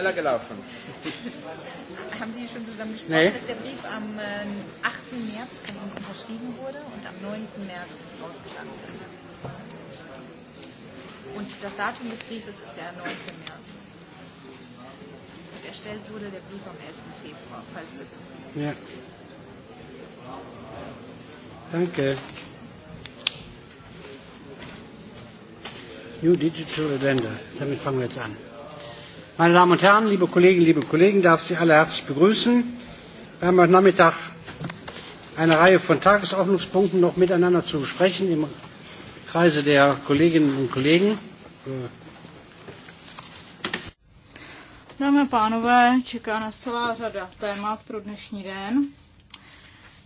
schneller gelaufen. Haben Sie schon zusammen gesprochen, nee. dass der Brief am 8. Ähm, März von uns unterschrieben wurde und am 9. März rausgegangen ist? Und das Datum des Briefes ist der 9. März. Und erstellt wurde der Brief am 11. Februar, falls das Ja. Danke. New Digital Agenda. Damit fangen wir jetzt an. Meine Damen und Herren, liebe Kolleginnen, liebe Kollegen, darf Sie alle herzlich begrüßen. Wir haben heute Nachmittag eine Reihe von Tagesordnungspunkten noch miteinander zu besprechen im Kreise der Kolleginnen und Kollegen. Dámy a pánové, čeká nás celá řada témat pro dnešní den.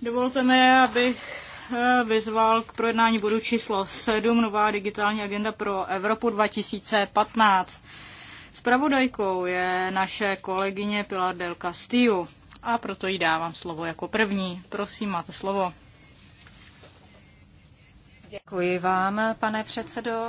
Dovolte mi, abych eh, vyzval k projednání bodu číslo 7, nová digitální agenda pro Evropu 2015. Spravodajkou je naše kolegyně Pilar del Castillo a proto jí dávám slovo jako první. Prosím, máte slovo. Děkuji vám, pane předsedo.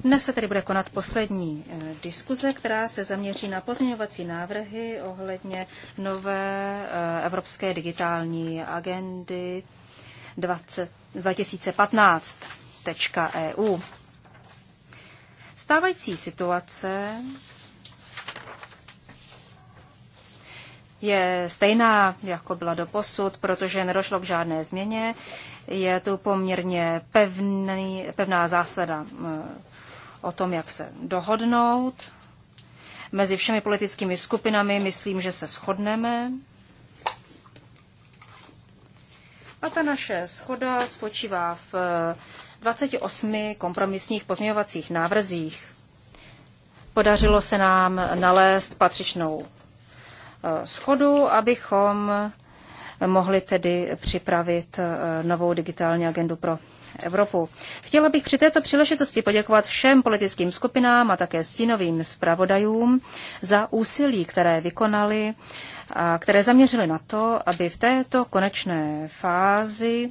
Dnes se tedy bude konat poslední eh, diskuze, která se zaměří na pozměňovací návrhy ohledně nové eh, evropské digitální agendy 20 2015.eu. E Stávající situace je stejná, jako byla do posud, protože nedošlo k žádné změně. Je tu poměrně pevný, pevná zásada eh, o tom, jak se dohodnout. Mezi všemi politickými skupinami myslím, že se shodneme. A ta naše schoda spočívá v 28 eh, kompromisních pozměňovacích návrzích. Podařilo se nám nalézt patřičnou eh, schodu, abychom mohli tedy připravit eh, novou digitální agendu pro Evropu. Chtěla bych při této příležitosti poděkovat všem politickým skupinám a také stínovým zpravodajům za úsilí, které vykonali které zaměřily na to, aby v této konečné fázi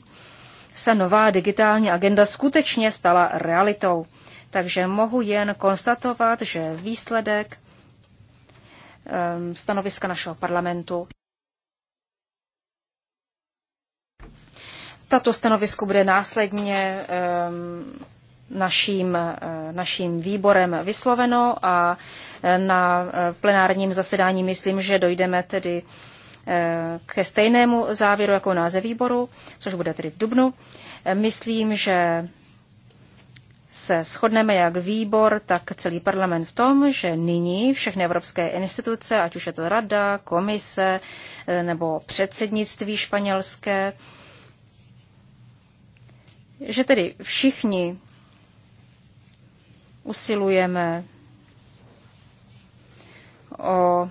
se nová digitální agenda skutečně stala realitou. Takže mohu jen konstatovat, že výsledek ehm, stanoviska našeho parlamentu. Tato stanovisko bude následně um, naším, eh, naším výborem vysloveno a eh, na eh, plenárním zasedání myslím, že dojdeme tedy ke stejnému závěru jako název výboru, což bude tedy v Dubnu. Myslím, že se shodneme jak výbor, tak celý parlament v tom, že nyní všechny evropské instituce, ať už je to rada, komise nebo předsednictví španělské, že tedy všichni usilujeme o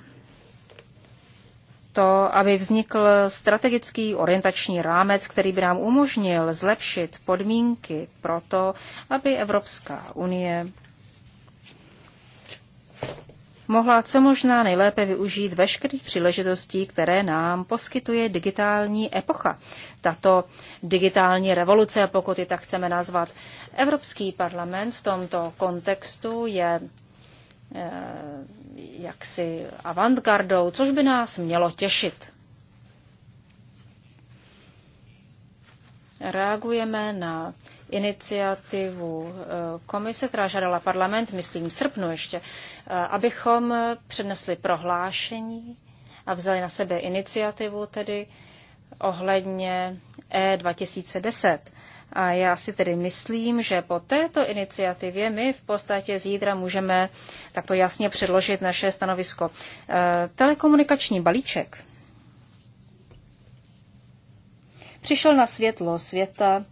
to, aby vznikl strategický orientační rámec, který by nám umožnil zlepšit podmínky pro to, aby Evropská unie mohla co možná nejlépe využít veškerých příležitostí, které nám poskytuje digitální epocha. Tato digitální revoluce, pokud ji tak chceme nazvat. Evropský parlament v tomto kontextu je eh, jaksi avantgardou, což by nás mělo těšit. Reagujeme na iniciativu eh, komise, která žádala parlament, myslím v srpnu ještě, eh, abychom přednesli prohlášení a vzali na sebe iniciativu tedy ohledně E2010. A já si tedy myslím, že po této iniciativě my v podstatě zítra můžeme takto jasně předložit naše stanovisko. Eh, telekomunikační balíček přišel na světlo světa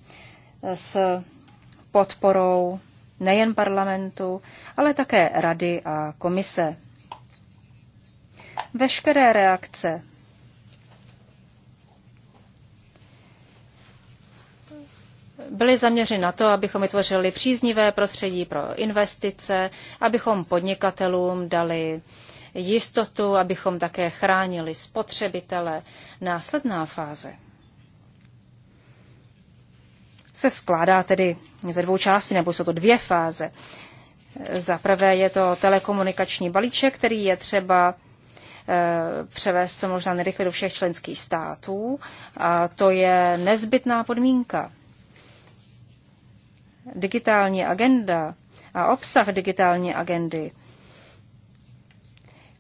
s podporou nejen parlamentu, ale také rady a komise. Veškeré reakce byly zaměřeny na to, abychom vytvořili příznivé prostředí pro investice, abychom podnikatelům dali jistotu, abychom také chránili spotřebitele. Následná fáze se skládá tedy ze dvou částí, nebo jsou to dvě fáze. Za prvé je to telekomunikační balíček, který je třeba eh, převést se možná nejrychle do všech členských států. A to je nezbytná podmínka. Digitální agenda a obsah digitální agendy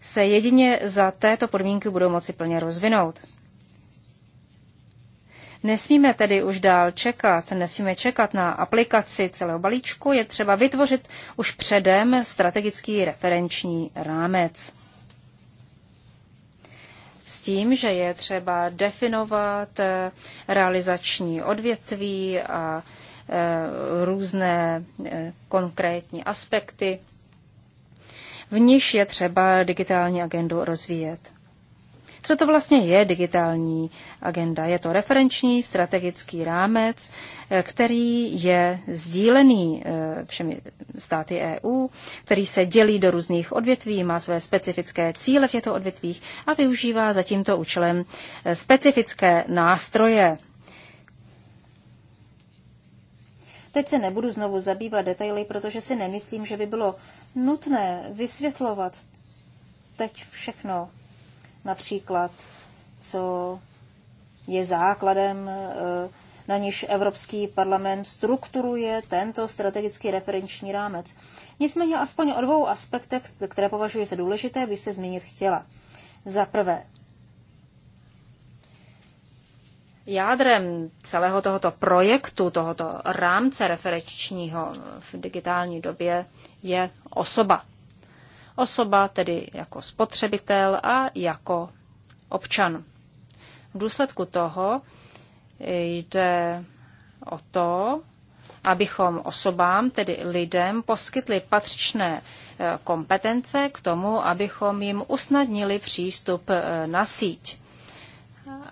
se jedině za této podmínky budou moci plně rozvinout. Nesmíme tedy už dál čekat, nesmíme čekat na aplikaci celého balíčku, je třeba vytvořit už předem strategický referenční rámec. S tím, že je třeba definovat eh, realizační odvětví a eh, různé eh, konkrétní aspekty, v níž je třeba digitální agendu rozvíjet. Co to vlastně je digitální agenda? Je to referenční strategický rámec, eh, který je sdílený eh, všemi státy EU, který se dělí do různých odvětví, má své specifické cíle v těchto odvětvích a využívá za tímto účelem eh, specifické nástroje Teď se nebudu znovu zabývat detaily, protože si nemyslím, že by bylo nutné vysvětlovat teď všechno například, co je základem, eh, na niž Evropský parlament strukturuje tento strategický referenční rámec. Nicméně aspoň o dvou aspektech, které považuji za důležité, by se změnit chtěla. Za prvé, Jádrem celého tohoto projektu, tohoto rámce referenčního v digitální době je osoba osoba, tedy jako spotřebitel a jako občan. V důsledku toho jde o to, abychom osobám, tedy lidem, poskytli patřičné e, kompetence k tomu, abychom jim usnadnili přístup e, na síť.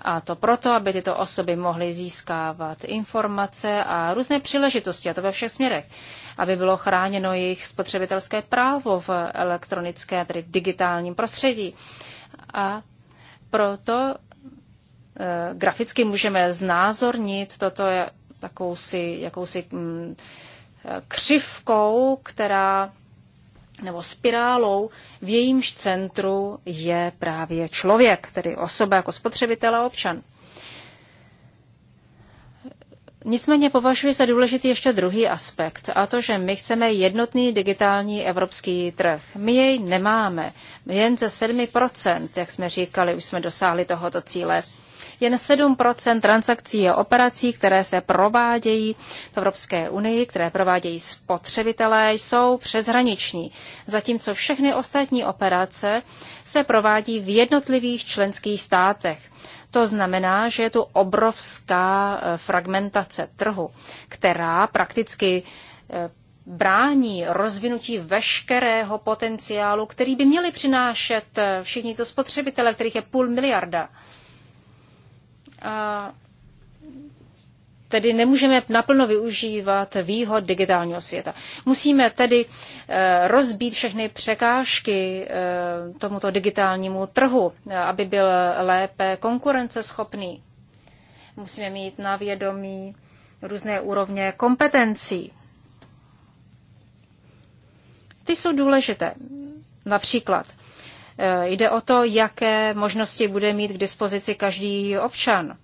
A to proto, aby tyto osoby mohly získávat informace a různé příležitosti, a to ve všech směrech, aby bylo chráněno jejich spotřebitelské právo v elektronické, tedy v digitálním prostředí. A proto e, graficky můžeme znázornit toto eh, jakousi, jakousi m, mm, eh, křivkou, která nebo spirálou, v jejímž centru je právě člověk, tedy osoba jako spotřebitel a občan. Nicméně považuji za důležitý ještě druhý aspekt, a to, že my chceme jednotný digitální evropský trh. My jej nemáme. Jen ze 7%, jak jsme říkali, už jsme dosáhli tohoto cíle. Jen 7 transakcí a operací, které se provádějí v Evropské unii, které provádějí spotřebitelé, jsou přeshraniční, zatímco všechny ostatní operace se provádí v jednotlivých členských státech. To znamená, že je tu obrovská eh, fragmentace trhu, která prakticky eh, brání rozvinutí veškerého potenciálu, který by měli přinášet eh, všichni to spotřebitele, kterých je půl miliarda tedy nemůžeme naplno využívat výhod digitálního světa. Musíme tedy eh, rozbít všechny překážky eh, tomuto digitálnímu trhu, eh, aby byl lépe konkurenceschopný. Musíme mít na vědomí různé úrovně kompetencí. Ty jsou důležité. Například Eh, jde o to, jaké možnosti bude mít k dispozici každý občan.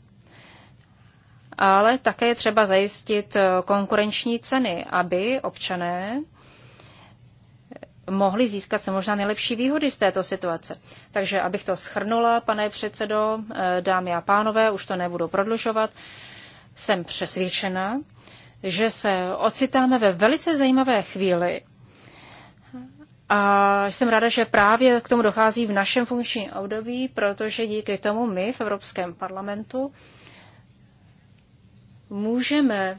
Ale také je třeba zajistit eh, konkurenční ceny, aby občané mohli získat co možná nejlepší výhody z této situace. Takže abych to schrnula, pane předsedo, eh, dámy a pánové, už to nebudu prodlužovat, jsem přesvědčena, že se ocitáme ve velice zajímavé chvíli, a jsem ráda, že právě k tomu dochází v našem funkčním období, protože díky tomu my v Evropském parlamentu můžeme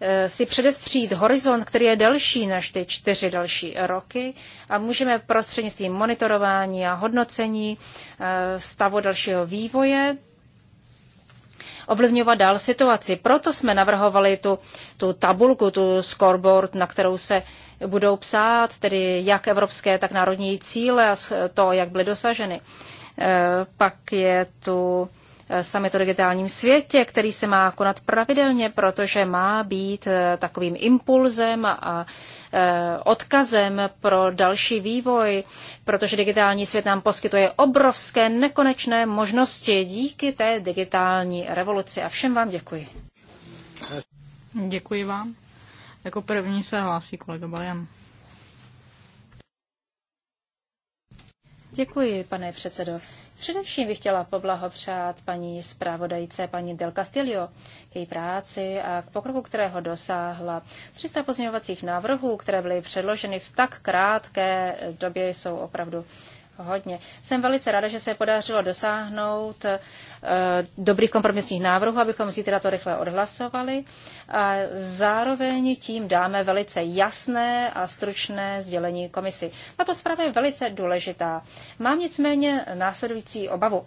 eh, si předestřít horizont, který je delší než ty čtyři další roky a můžeme prostřednictvím monitorování a hodnocení eh, stavu dalšího vývoje ovlivňovat dál situaci. Proto jsme navrhovali tu, tu tabulku, tu scoreboard, na kterou se budou psát, tedy jak evropské, tak národní cíle a to, jak byly dosaženy. Eh, pak je tu Eh, summit o digitálním světě, který se má konat pravidelně, protože má být eh, takovým impulzem a eh, odkazem pro další vývoj, protože digitální svět nám poskytuje obrovské nekonečné možnosti díky té digitální revoluci. A všem vám děkuji. Děkuji vám. Jako první se hlásí kolega Balian. Děkuji, pane předsedo. Především bych chtěla poblahopřát paní zpravodajce, paní Del Castillo, k její práci a k pokroku, kterého dosáhla. 300 pozměňovacích návrhů, které byly předloženy v tak krátké době, jsou opravdu hodně. Jsem velice ráda, že se podařilo dosáhnout eh, dobrých kompromisních návrhů, abychom zítra to rychle odhlasovali. A zároveň tím dáme velice jasné a stručné sdělení komisi. Tato zpráva je velice důležitá. Mám nicméně následující obavu.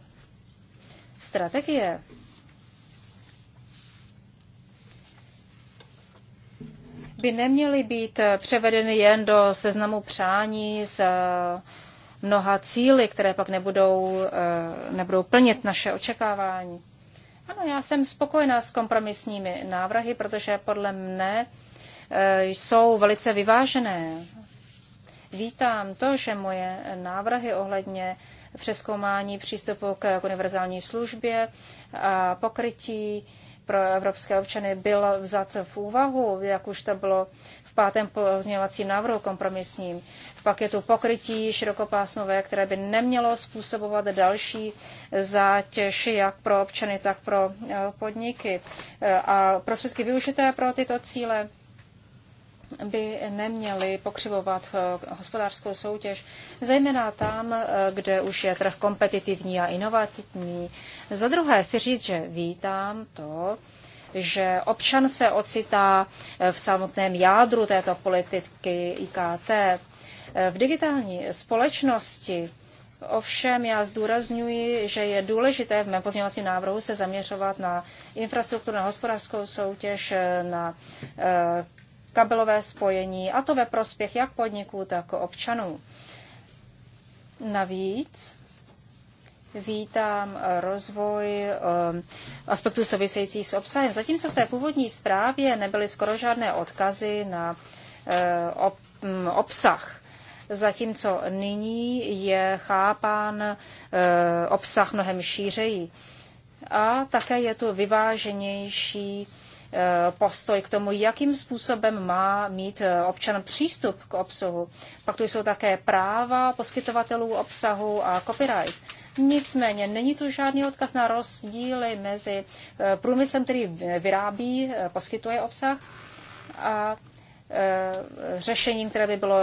Strategie by neměly být převedeny jen do seznamu přání z mnoha cíly, které pak nebudou, eh, nebudou plnit naše očekávání. Ano, já jsem spokojená s kompromisními návrhy, protože podle mne eh, jsou velice vyvážené. Vítám to, že moje návrhy ohledně přeskoumání přístupu k univerzální službě a pokrytí pro evropské občany byl vzat v úvahu, jak už to bylo v pátém pozměňovacím návrhu kompromisním. Pak je tu pokrytí širokopásmové, které by nemělo způsobovat další zátěž jak pro občany, tak pro eh, podniky. Eh, a prostředky využité pro tyto cíle by neměly pokřivovat eh, hospodářskou soutěž, zejména tam, kde už je trh kompetitivní a inovativní. Za druhé si říct, že vítám to, že občan se ocitá eh, v samotném jádru této politiky IKT. Eh, v digitální společnosti Ovšem já zdůrazňuji, že je důležité v mém pozměňovacím návrhu se zaměřovat na infrastrukturu, na hospodářskou soutěž, eh, na kabelové spojení, a to ve prospěch jak podniků, tak občanů. Navíc vítám eh, rozvoj eh, aspektů souvisejících s obsahem. Zatímco v té původní zprávě nebyly skoro žádné odkazy na eh, mm, obsah zatímco nyní je chápán obsah mnohem šířejí. A také je tu vyváženější postoj k tomu, jakým způsobem má mít občan přístup k obsahu. Pak tu jsou také práva poskytovatelů obsahu a copyright. Nicméně není tu žádný odkaz na rozdíly mezi eh, průmyslem, který vyrábí, eh, poskytuje obsah a eh, řešením, které by bylo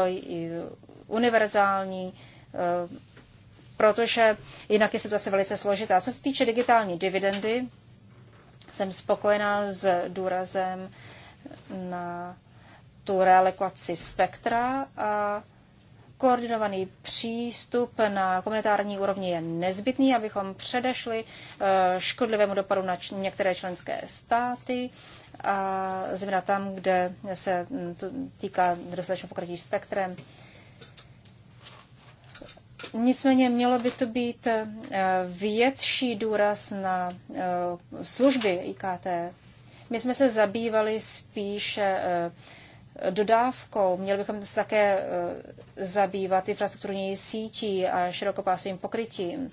univerzální, protože jinak je situace velice složitá. Co se týče digitální dividendy, jsem spokojená s důrazem na tu realokaci spektra a Koordinovaný přístup na komunitární úrovni je nezbytný, abychom předešli eh, škodlivému dopadu na některé členské státy, a zejména tam, kde se mm, to týká dostatečného pokrytí spektrem. Nicméně mělo by to být eh, větší důraz na eh, služby IKT. My jsme se zabývali spíše dodávkou. Měli bychom se také e, zabývat infrastrukturní sítí a širokopásovým pokrytím.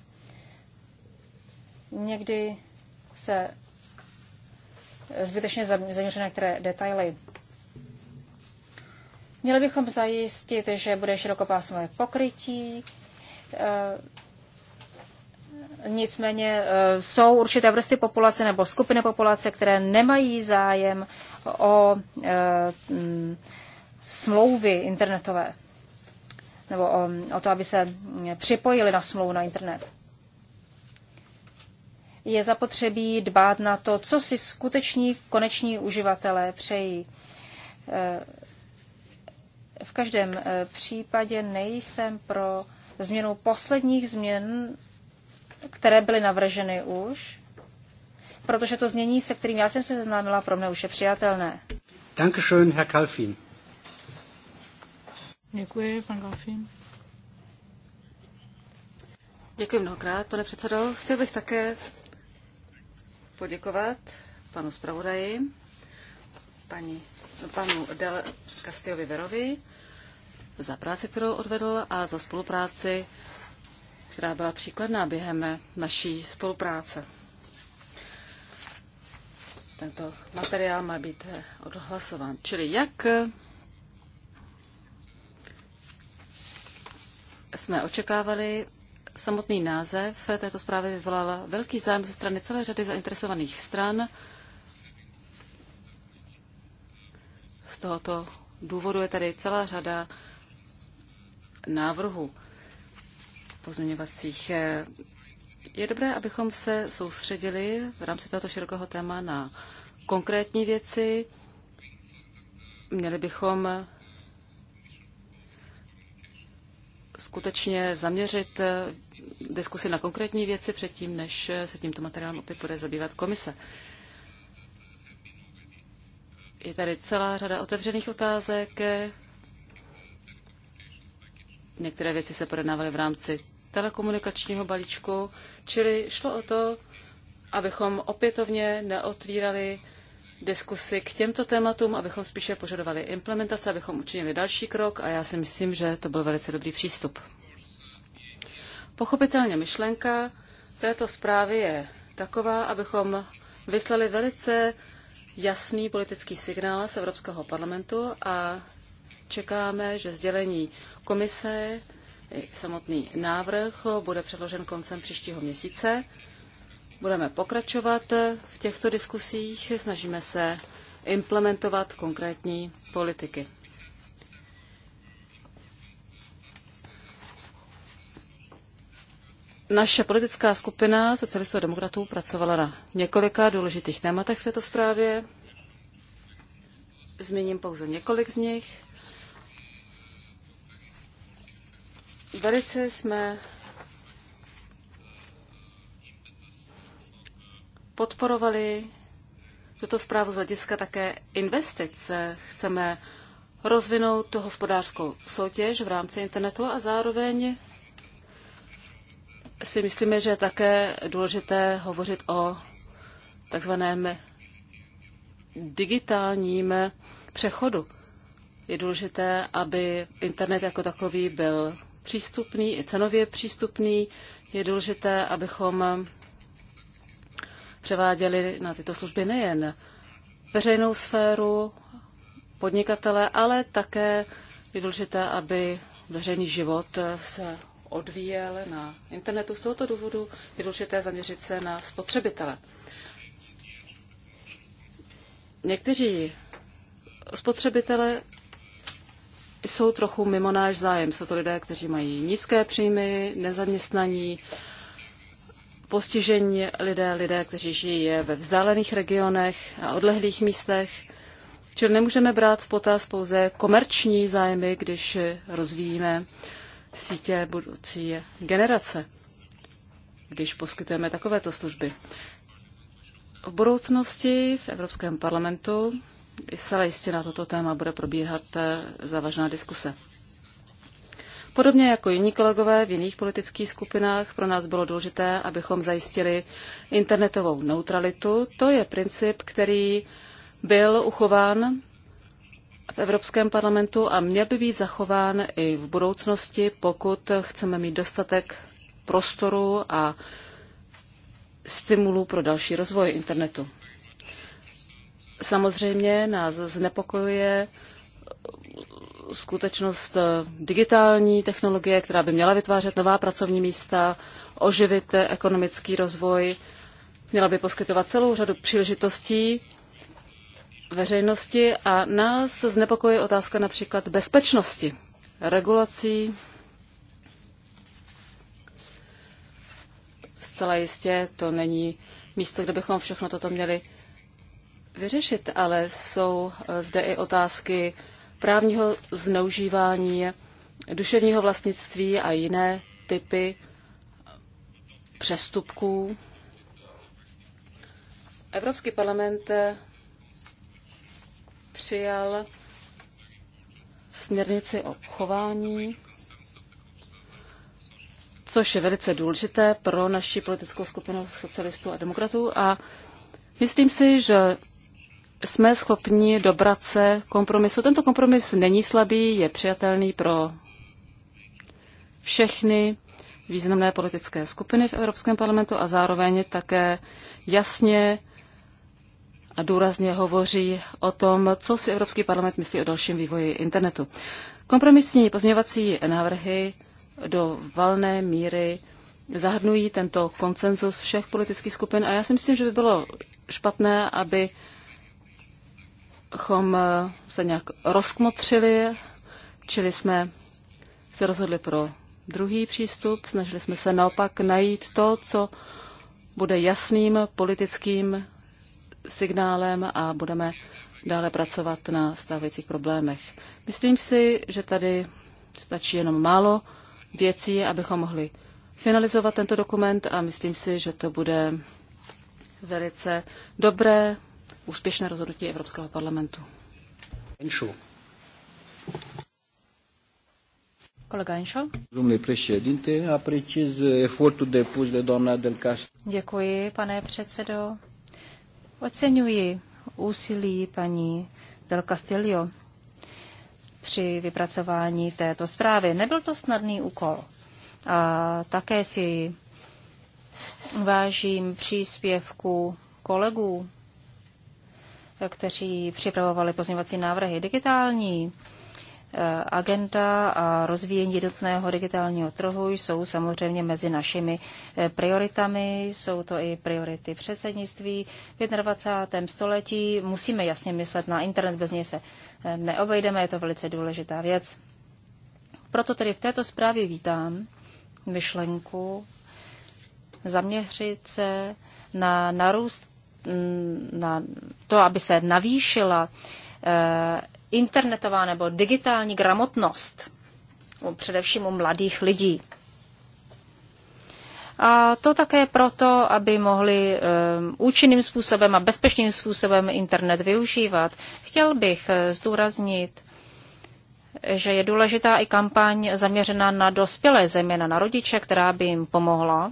Někdy se zbytečně zaměřuje na některé detaily. Měli bychom zajistit, že bude širokopásmové pokrytí, e, Nicméně eh, jsou určité vrsty populace nebo skupiny populace, které nemají zájem o eh, mm, smlouvy internetové nebo o, eh, o to, aby se mm, připojili na smlouvu na internet. Je zapotřebí dbát na to, co si skuteční koneční uživatelé přejí. V každém případě nejsem pro změnu posledních změn které byly navrženy už, protože to znění, se kterým já jsem se seznámila, pro mě už je přijatelné. Dankeschön, Herr Kalfin. Děkuji, pan Kalfin. Děkuji mnohokrát, pane předsedo. Chtěl bych také poděkovat panu zpravodaji, paní, panu Del Castillovi Verovi za práci, kterou odvedl a za spolupráci která byla příkladná během naší spolupráce. Tento materiál má být odhlasován. Čili jak jsme očekávali, samotný název této zprávy vyvolal velký zájem ze strany celé řady zainteresovaných stran. Z tohoto důvodu je tady celá řada návrhů pozměňovacích. Je dobré, abychom se soustředili v rámci tohoto širokého téma na konkrétní věci. Měli bychom skutečně zaměřit diskusi na konkrétní věci předtím, než se tímto materiálem opět bude zabývat komise. Je tady celá řada otevřených otázek. Některé věci se projednávaly v rámci telekomunikačního balíčku, čili šlo o to, abychom opětovně neotvírali diskusy k těmto tématům, abychom spíše požadovali implementace, abychom učinili další krok a já si myslím, že to byl velice dobrý přístup. Pochopitelně myšlenka této zprávy je taková, abychom vyslali velice jasný politický signál z Evropského parlamentu a čekáme, že sdělení komise Samotný návrh bude předložen koncem příštího měsíce. Budeme pokračovat v těchto diskusích, snažíme se implementovat konkrétní politiky. Naše politická skupina socialistů a demokratů pracovala na několika důležitých tématech v této zprávě. Zmíním pouze několik z nich. Velice jsme podporovali tuto zprávu z hlediska také investice. Chceme rozvinout hospodářskou soutěž v rámci internetu a zároveň si myslíme, že je také důležité hovořit o takzvaném digitálním přechodu. Je důležité, aby internet jako takový byl přístupný, i cenově přístupný. Je důležité, abychom převáděli na tyto služby nejen veřejnou sféru, podnikatele, ale také je důležité, aby veřejný život se odvíjel na internetu. Z tohoto důvodu je důležité zaměřit se na spotřebitele. Někteří spotřebitele jsou trochu mimo náš zájem. Jsou to lidé, kteří mají nízké příjmy, nezaměstnaní, postižení lidé, lidé, kteří žijí ve vzdálených regionech a odlehlých místech. Čili nemůžeme brát v potaz pouze komerční zájmy, když rozvíjíme sítě budoucí generace, když poskytujeme takovéto služby. V budoucnosti v Evropském parlamentu zcela jistě na toto téma bude probíhat eh, závažná diskuse. Podobně jako jiní kolegové v jiných politických skupinách, pro nás bylo důležité, abychom zajistili internetovou neutralitu. To je princip, který byl uchován v Evropském parlamentu a měl by být zachován i v budoucnosti, pokud chceme mít dostatek prostoru a stimulů pro další rozvoj internetu. Samozřejmě nás znepokojuje skutečnost eh, digitální technologie, která by měla vytvářet nová pracovní místa, oživit eh, ekonomický rozvoj, měla by poskytovat celou řadu příležitostí veřejnosti a nás znepokojuje otázka například bezpečnosti, regulací. Zcela jistě to není místo, kde bychom všechno toto měli vyřešit, ale jsou eh, zde i otázky právního zneužívání, duševního vlastnictví a jiné typy přestupků. Evropský parlament eh, přijal směrnici o chování, což je velice důležité pro naši politickou skupinu socialistů a demokratů. A myslím si, že jsme schopni dobrat se kompromisu. Tento kompromis není slabý, je přijatelný pro všechny významné politické skupiny v Evropském parlamentu a zároveň také jasně a důrazně hovoří o tom, co si Evropský parlament myslí o dalším vývoji internetu. Kompromisní pozměňovací návrhy do valné míry zahrnují tento koncenzus všech politických skupin a já si myslím, že by bylo špatné, aby chom eh, se nějak rozkmotřili, čili jsme se rozhodli pro druhý přístup. Snažili jsme se naopak najít to, co bude jasným politickým signálem a budeme dále pracovat na stávajících problémech. Myslím si, že tady stačí jenom málo věcí, abychom mohli finalizovat tento dokument a myslím si, že to bude velice dobré úspěšné rozhodnutí Evropského parlamentu. Enšu. Kolega Enšo. Děkuji, pane předsedo. Oceňuji úsilí paní Del Castillo při vypracování této zprávy. Nebyl to snadný úkol. A také si vážím příspěvku kolegů kteří připravovali pozměňovací návrhy. Digitální eh, agenda a rozvíjení jednotného digitálního trhu jsou samozřejmě mezi našimi eh, prioritami. Jsou to i priority předsednictví. V 21. století musíme jasně myslet na internet, bez něj se eh, neobejdeme, je to velice důležitá věc. Proto tedy v této zprávě vítám myšlenku zaměřit se na narůst Mm, na to, aby se navýšila eh, internetová nebo digitální gramotnost, především u mladých lidí. A to také proto, aby mohli eh, účinným způsobem a bezpečným způsobem internet využívat. Chtěl bych eh, zdůraznit, že je důležitá i kampaň zaměřená na dospělé země, na rodiče, která by jim pomohla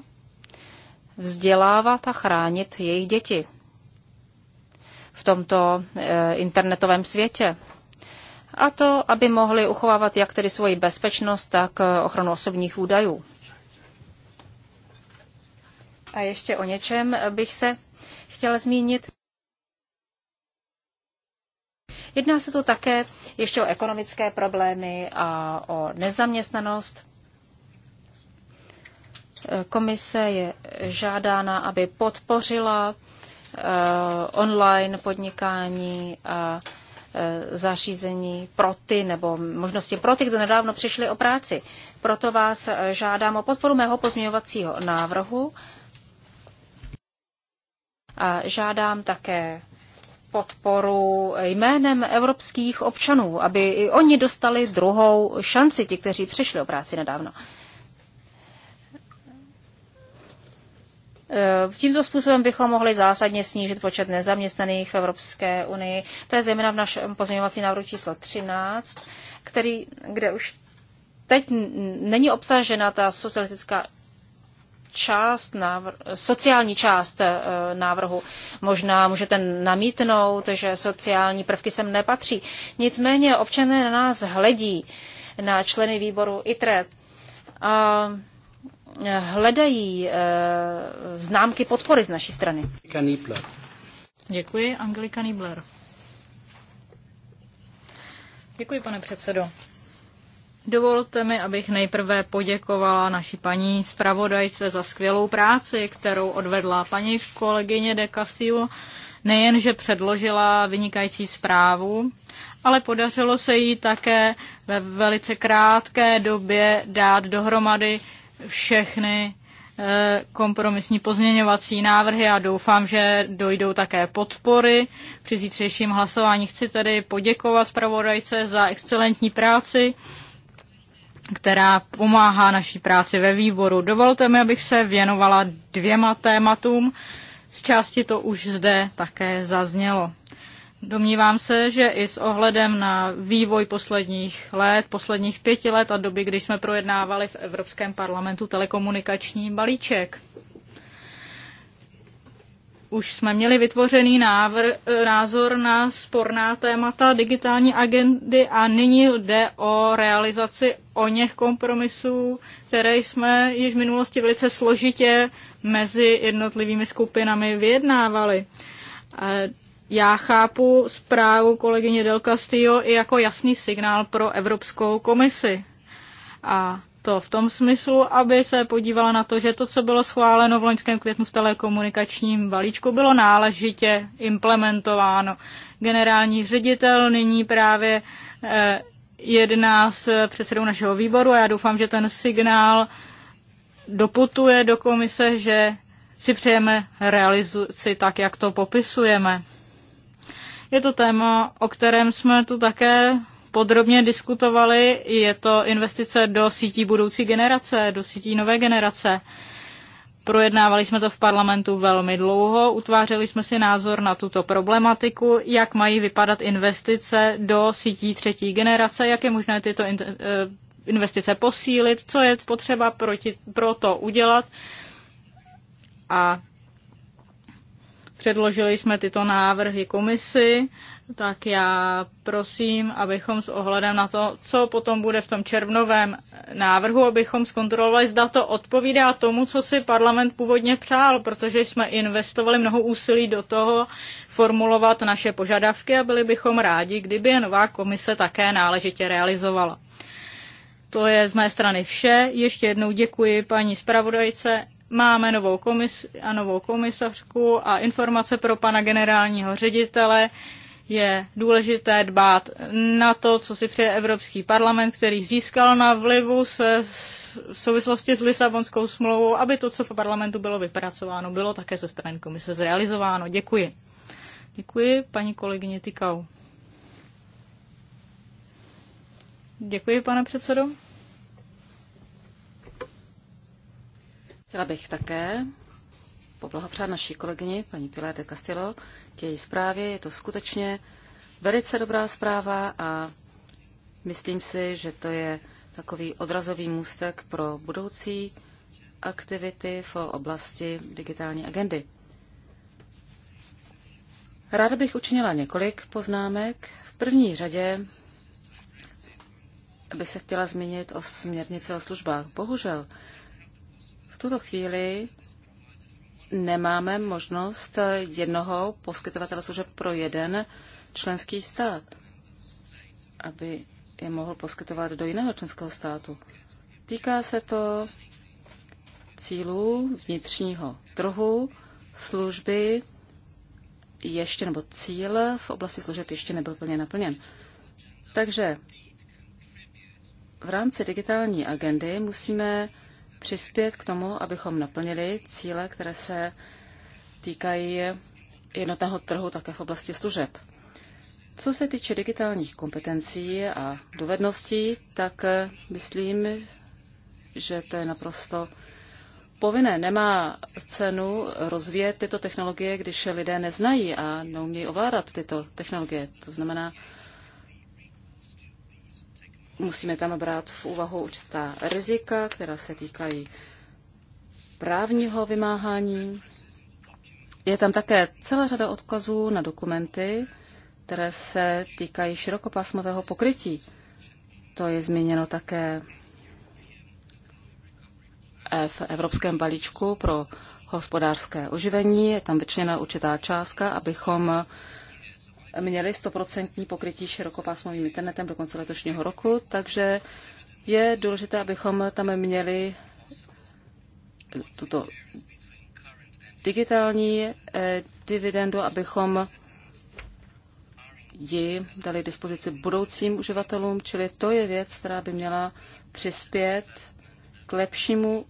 vzdělávat a chránit jejich děti v tomto eh, internetovém světě. A to, aby mohli uchovávat jak tedy svoji bezpečnost, tak eh, ochranu osobních údajů. A ještě o něčem bych se chtěla zmínit. Jedná se tu také ještě o ekonomické problémy a o nezaměstnanost. Eh, komise je žádána, aby podpořila Eh, online podnikání a eh, zařízení pro ty, nebo možnosti pro ty, kdo nedávno přišli o práci. Proto vás eh, žádám o podporu mého pozměňovacího návrhu a žádám také podporu jménem evropských občanů, aby i oni dostali druhou šanci, ti, kteří přišli o práci nedávno. Eh, tímto způsobem bychom mohli zásadně snížit počet nezaměstnaných v Evropské unii. To je zejména v našem pozměňovací návrhu číslo 13, který, kde už teď není obsažena ta socialistická část návr- sociální část eh, návrhu. Možná můžete namítnout, že sociální prvky sem nepatří. Nicméně občané na nás hledí, na členy výboru ITRE. A hledají eh, známky podpory z naší strany. Děkuji, Angelika Niebler. Děkuji, pane předsedo. Dovolte mi, abych nejprve poděkovala naší paní zpravodajce za skvělou práci, kterou odvedla paní kolegyně de Castillo. Nejenže předložila vynikající zprávu, ale podařilo se jí také ve velice krátké době dát dohromady všechny eh, kompromisní pozměňovací návrhy a doufám, že dojdou také podpory. Při zítřejším hlasování chci tedy poděkovat zpravodajce za excelentní práci, která pomáhá naší práci ve výboru. Dovolte mi, abych se věnovala dvěma tématům. Z části to už zde také zaznělo. Domnívám se, že i s ohledem na vývoj posledních let, posledních pěti let a doby, kdy jsme projednávali v Evropském parlamentu telekomunikační balíček, už jsme měli vytvořený návr, názor na sporná témata digitální agendy a nyní jde o realizaci o něch kompromisů, které jsme již v minulosti velice složitě mezi jednotlivými skupinami vyjednávali já chápu zprávu kolegyně Del Castillo i jako jasný signál pro Evropskou komisi. A to v tom smyslu, aby se podívala na to, že to, co bylo schváleno v loňském květnu v telekomunikačním balíčku, bylo náležitě implementováno. Generální ředitel nyní právě eh, jedná s předsedou našeho výboru a já doufám, že ten signál doputuje do komise, že si přejeme realizaci tak, jak to popisujeme. Je to téma, o kterém jsme tu také podrobně diskutovali. Je to investice do sítí budoucí generace, do sítí nové generace. Projednávali jsme to v parlamentu velmi dlouho, utvářeli jsme si názor na tuto problematiku, jak mají vypadat investice do sítí třetí generace, jak je možné tyto eh, investice posílit, co je potřeba proti, pro to udělat. A Předložili jsme tyto návrhy komisi, tak já prosím, abychom s ohledem na to, co potom bude v tom červnovém návrhu, abychom zkontrolovali, zda to odpovídá tomu, co si parlament původně přál, protože jsme investovali mnoho úsilí do toho formulovat naše požadavky a byli bychom rádi, kdyby je nová komise také náležitě realizovala. To je z mé strany vše. Ještě jednou děkuji paní zpravodajce Máme novou komis- a novou komisařku a informace pro pana generálního ředitele. Je důležité dbát na to, co si přeje Evropský parlament, který získal na vlivu se v souvislosti s Lisabonskou smlouvou, aby to, co v parlamentu bylo vypracováno, bylo také ze strany komise zrealizováno. Děkuji. Děkuji, paní kolegyně Tykau. Děkuji, pane předsedo. Chtěla bych také poblahopřát naší kolegyni, paní Pilar de Castillo, k její zprávě. Je to skutečně velice dobrá zpráva a myslím si, že to je takový odrazový můstek pro budoucí aktivity v oblasti digitální agendy. Ráda bych učinila několik poznámek. V první řadě bych se chtěla zmínit o směrnici o službách. Bohužel, tuto chvíli nemáme možnost jednoho poskytovatele služeb pro jeden členský stát, aby je mohl poskytovat do jiného členského státu. Týká se to cílů vnitřního trhu, služby ještě, nebo cíl v oblasti služeb ještě nebyl plně naplněn. Takže v rámci digitální agendy musíme přispět k tomu, abychom naplnili cíle, které se týkají jednotného trhu také v oblasti služeb. Co se týče digitálních kompetencí a dovedností, tak eh, myslím, že to je naprosto povinné. Nemá cenu rozvíjet tyto technologie, když lidé neznají a neumějí ovládat tyto technologie. To znamená, Musíme tam brát v úvahu určitá rizika, která se týkají právního vymáhání. Je tam také celá řada odkazů na dokumenty, které se týkají širokopásmového pokrytí. To je zmíněno také v Evropském balíčku pro hospodářské oživení. Je tam vyčněna určitá částka, abychom měli 100% pokrytí širokopásmovým internetem do konce letošního roku, takže je důležité, abychom tam měli tuto digitální eh, dividendu, abychom ji dali dispozici budoucím uživatelům, čili to je věc, která by měla přispět k lepšímu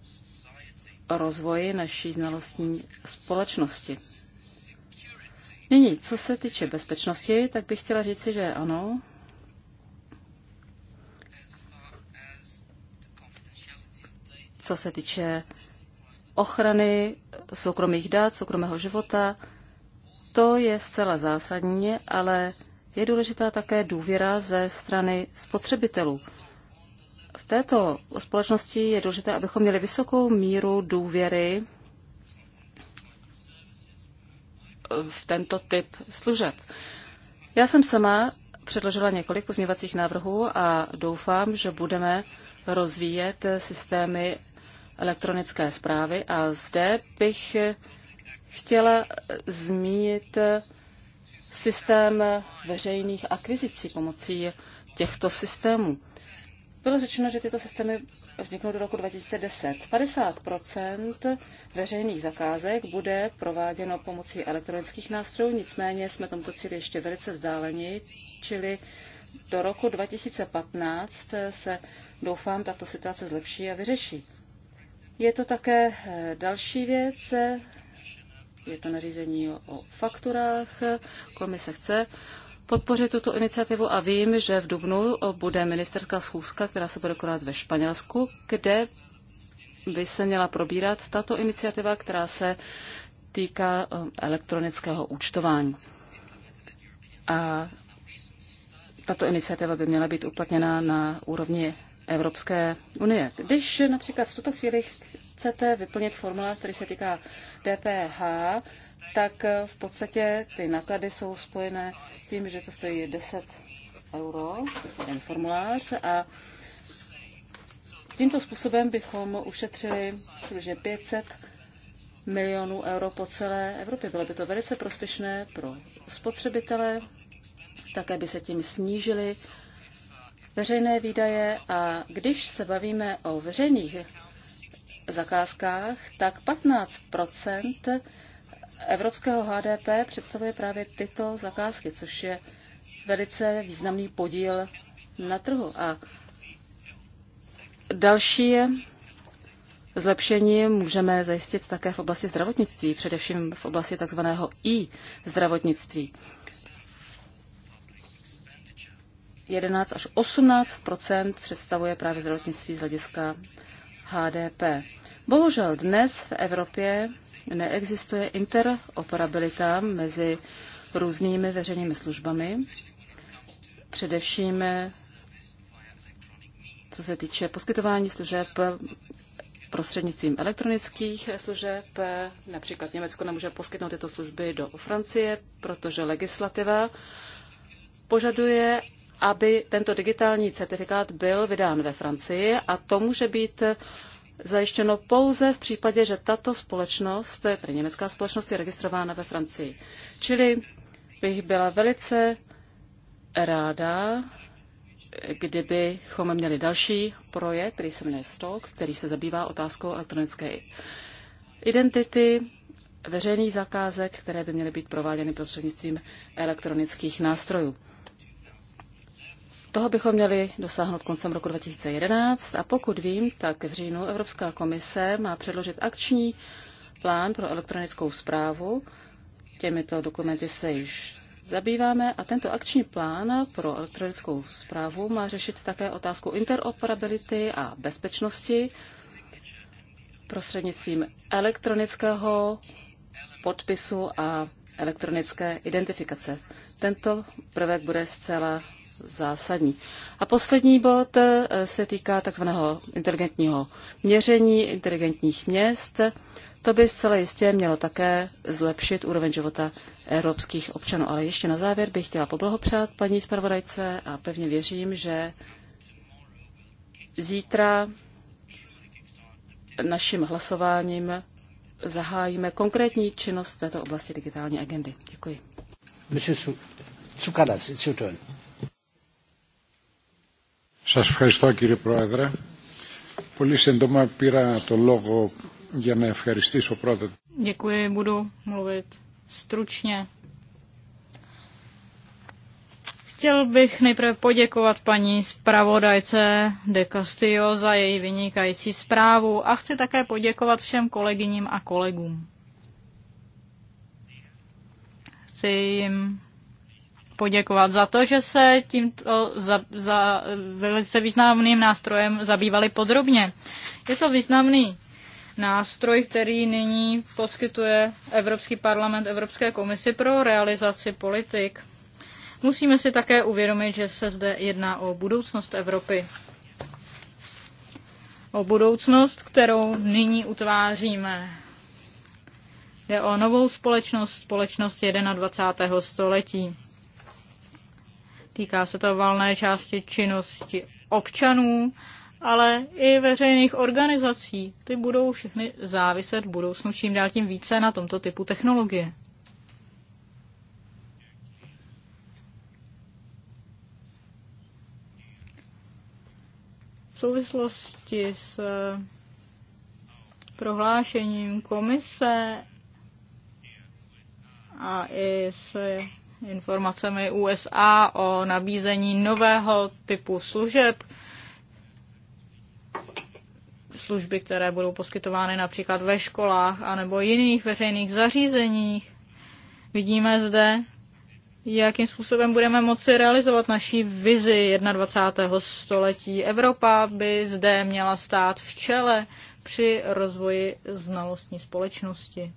rozvoji naší znalostní společnosti. Nyní, co se týče bezpečnosti, tak bych chtěla říci, že ano. Co se týče ochrany soukromých dat, soukromého života, to je zcela zásadní, ale je důležitá také důvěra ze strany spotřebitelů. V této společnosti je důležité, abychom měli vysokou míru důvěry v tento typ služeb. Já jsem sama předložila několik pozměvacích návrhů a doufám, že budeme rozvíjet systémy elektronické zprávy a zde bych chtěla zmínit systém veřejných akvizicí pomocí těchto systémů. Bylo řečeno, že tyto systémy vzniknou do roku 2010. 50 veřejných zakázek bude prováděno pomocí elektronických nástrojů, nicméně jsme tomto cíli ještě velice vzdáleni, čili do roku 2015 se, doufám, tato situace zlepší a vyřeší. Je to také eh, další věc, eh, je to nařízení o fakturách. Komise chce podpořit tuto iniciativu a vím, že v Dubnu bude ministerská schůzka, která se bude konat ve Španělsku, kde by se měla probírat tato iniciativa, která se týká um, elektronického účtování. A tato iniciativa by měla být uplatněna na úrovni Evropské unie. Když například v tuto chvíli chcete vyplnit formulář, který se týká DPH, tak eh, v podstatě ty náklady jsou spojené s tím, že to stojí 10 euro, ten formulář a tímto způsobem bychom ušetřili přibližně 500 milionů euro po celé Evropě. Bylo by to velice prospěšné pro spotřebitele, také by se tím snížily veřejné výdaje a když se bavíme o veřejných zakázkách, tak 15 evropského HDP představuje právě tyto zakázky, což je velice významný podíl na trhu. A další zlepšení můžeme zajistit také v oblasti zdravotnictví, především v oblasti takzvaného i zdravotnictví. 11 až 18 představuje právě zdravotnictví z hlediska HDP. Bohužel dnes v Evropě neexistuje interoperabilita mezi různými veřejnými službami, především co se týče poskytování služeb prostřednictvím elektronických služeb. Například Německo nemůže poskytnout tyto služby do Francie, protože legislativa požaduje, aby tento digitální certifikát byl vydán ve Francii a to může být zajištěno pouze v případě, že tato společnost, tedy německá společnost, je registrována ve Francii. Čili bych byla velice ráda, kdybychom měli další projekt, který se jmenuje STOK, který se zabývá otázkou elektronické identity veřejných zakázek, které by měly být prováděny prostřednictvím elektronických nástrojů. Toho bychom měli dosáhnout koncem roku 2011 a pokud vím, tak v říjnu Evropská komise má předložit akční plán pro elektronickou zprávu. Těmito dokumenty se již zabýváme a tento akční plán pro elektronickou zprávu má řešit také otázku interoperability a bezpečnosti prostřednictvím elektronického podpisu a elektronické identifikace. Tento prvek bude zcela zásadní. A poslední bod eh, se týká takzvaného inteligentního měření, inteligentních měst. To by zcela jistě mělo také zlepšit úroveň života evropských občanů. Ale ještě na závěr bych chtěla poblahopřát paní zpravodajce a pevně věřím, že zítra naším hlasováním zahájíme konkrétní činnost v této oblasti digitální agendy. Děkuji. Mr. Tsukalas, it's your turn. Σας ευχαριστώ κύριε Πρόεδρε. Πολύ σύντομα πήρα το λόγο για να ευχαριστήσω πρώτα. Děkuji, budu mluvit stručně. Chtěl bych nejprve poděkovat paní zpravodajce De Castillo za její vynikající zprávu a chci také poděkovat všem kolegyním a kolegům. Chci jim poděkovat za to, že se tímto za, za velice významným nástrojem zabývali podrobně. Je to významný nástroj, který nyní poskytuje Evropský parlament Evropské komisi pro realizaci politik. Musíme si také uvědomit, že se zde jedná o budoucnost Evropy. O budoucnost, kterou nyní utváříme. Jde o novou společnost, společnost 21. století. Týká se to valné části činnosti občanů, ale i veřejných organizací. Ty budou všechny záviset v budoucnu čím dál tím více na tomto typu technologie. V souvislosti s prohlášením komise a i s informacemi USA o nabízení nového typu služeb, služby, které budou poskytovány například ve školách anebo jiných veřejných zařízeních. Vidíme zde, jakým způsobem budeme moci realizovat naší vizi 21. století. Evropa by zde měla stát v čele při rozvoji znalostní společnosti.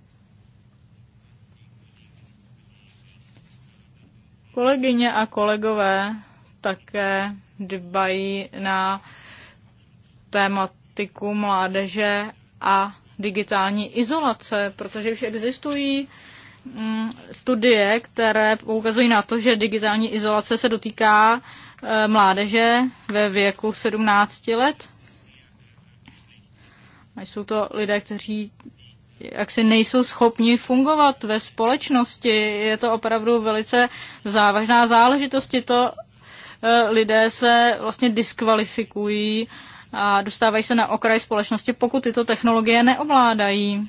Kolegyně a kolegové také dbají na tématiku mládeže a digitální izolace, protože už existují mm, studie, které poukazují na to, že digitální izolace se dotýká e, mládeže ve věku 17 let. A jsou to lidé, kteří jak si nejsou schopni fungovat ve společnosti. Je to opravdu velice závažná záležitost. To eh, lidé se vlastně diskvalifikují a dostávají se na okraj společnosti, pokud tyto technologie neovládají.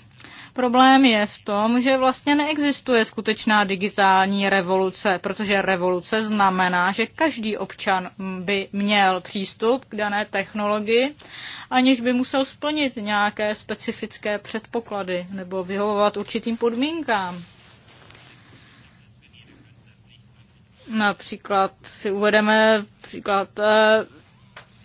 Problém je v tom, že vlastně neexistuje skutečná digitální revoluce, protože revoluce znamená, že každý občan by měl přístup k dané technologii, aniž by musel splnit nějaké specifické předpoklady nebo vyhovovat určitým podmínkám. Například si uvedeme příklad eh,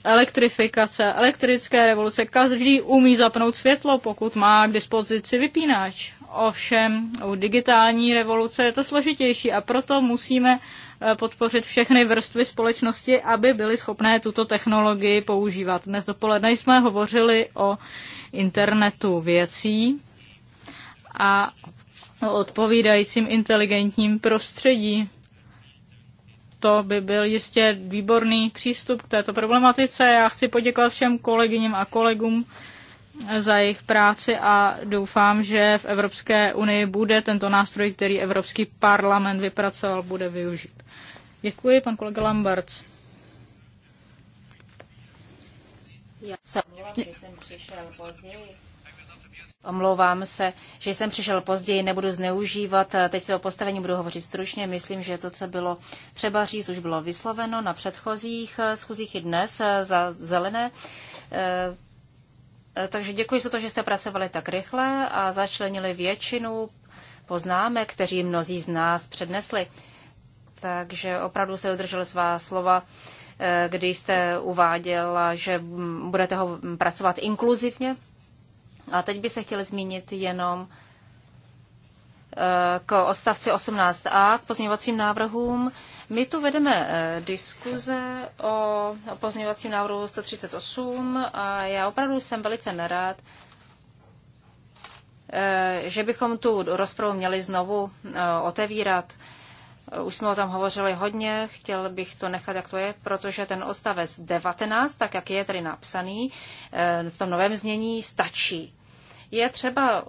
elektrifikace, elektrické revoluce. Každý umí zapnout světlo, pokud má k dispozici vypínač. Ovšem u digitální revoluce je to složitější a proto musíme eh, podpořit všechny vrstvy společnosti, aby byly schopné tuto technologii používat. Dnes dopoledne jsme hovořili o internetu věcí a o odpovídajícím inteligentním prostředí to by byl jistě výborný přístup k této problematice. Já chci poděkovat všem kolegyním a kolegům za jejich práci a doufám, že v Evropské unii bude tento nástroj, který Evropský parlament vypracoval, bude využit. Děkuji, pan kolega Lamberts. Já se že jsem přišel později. Omlouvám se, že jsem přišel později, nebudu zneužívat. Eh, teď se o postavení budu hovořit stručně. Myslím, že to, co bylo třeba říct, už bylo vysloveno na předchozích eh, schůzích i dnes eh, za zelené. Takže děkuji za to, že jste pracovali tak rychle a začlenili většinu poznámek, kteří mnozí z nás přednesli. Takže opravdu se udržel svá slova, kdy jste uváděl, že budete ho pracovat inkluzivně a teď by se chtěl zmínit jenom eh, k ostavci 18a, k pozměňovacím návrhům. My tu vedeme eh, diskuze o pozměňovacím návrhu 138 a já opravdu jsem velice nerád, eh, že bychom tu rozpravu měli znovu otevírat. Už jsme o tom hovořili hodně, chtěl bych to nechat, jak to je, protože ten odstavec 19, tak jak je tedy napsaný, v tom novém znění stačí. Je třeba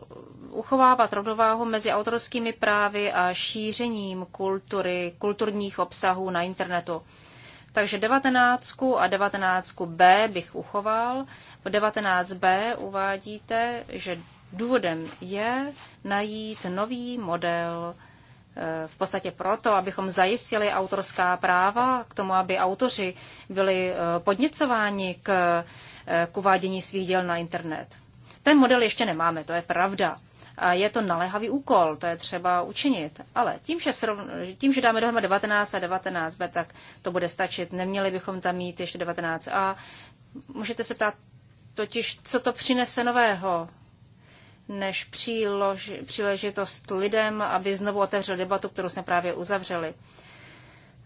uchovávat rovnováhu mezi autorskými právy a šířením kultury, kulturních obsahů na internetu. Takže 19 a 19b bych uchoval. V 19b uvádíte, že důvodem je najít nový model eh, v podstatě proto, abychom zajistili autorská práva k tomu, aby autoři byli eh, podněcováni k, eh, k uvádění svých děl na internet. Ten model ještě nemáme, to je pravda. A je to naléhavý úkol, to je třeba učinit. Ale tím, že, srov, tím, že dáme dohromady 19 a 19b, tak to bude stačit. Neměli bychom tam mít ještě 19a. Můžete se ptát totiž, co to přinese nového, než přílož, příležitost lidem, aby znovu otevřel debatu, kterou jsme právě uzavřeli.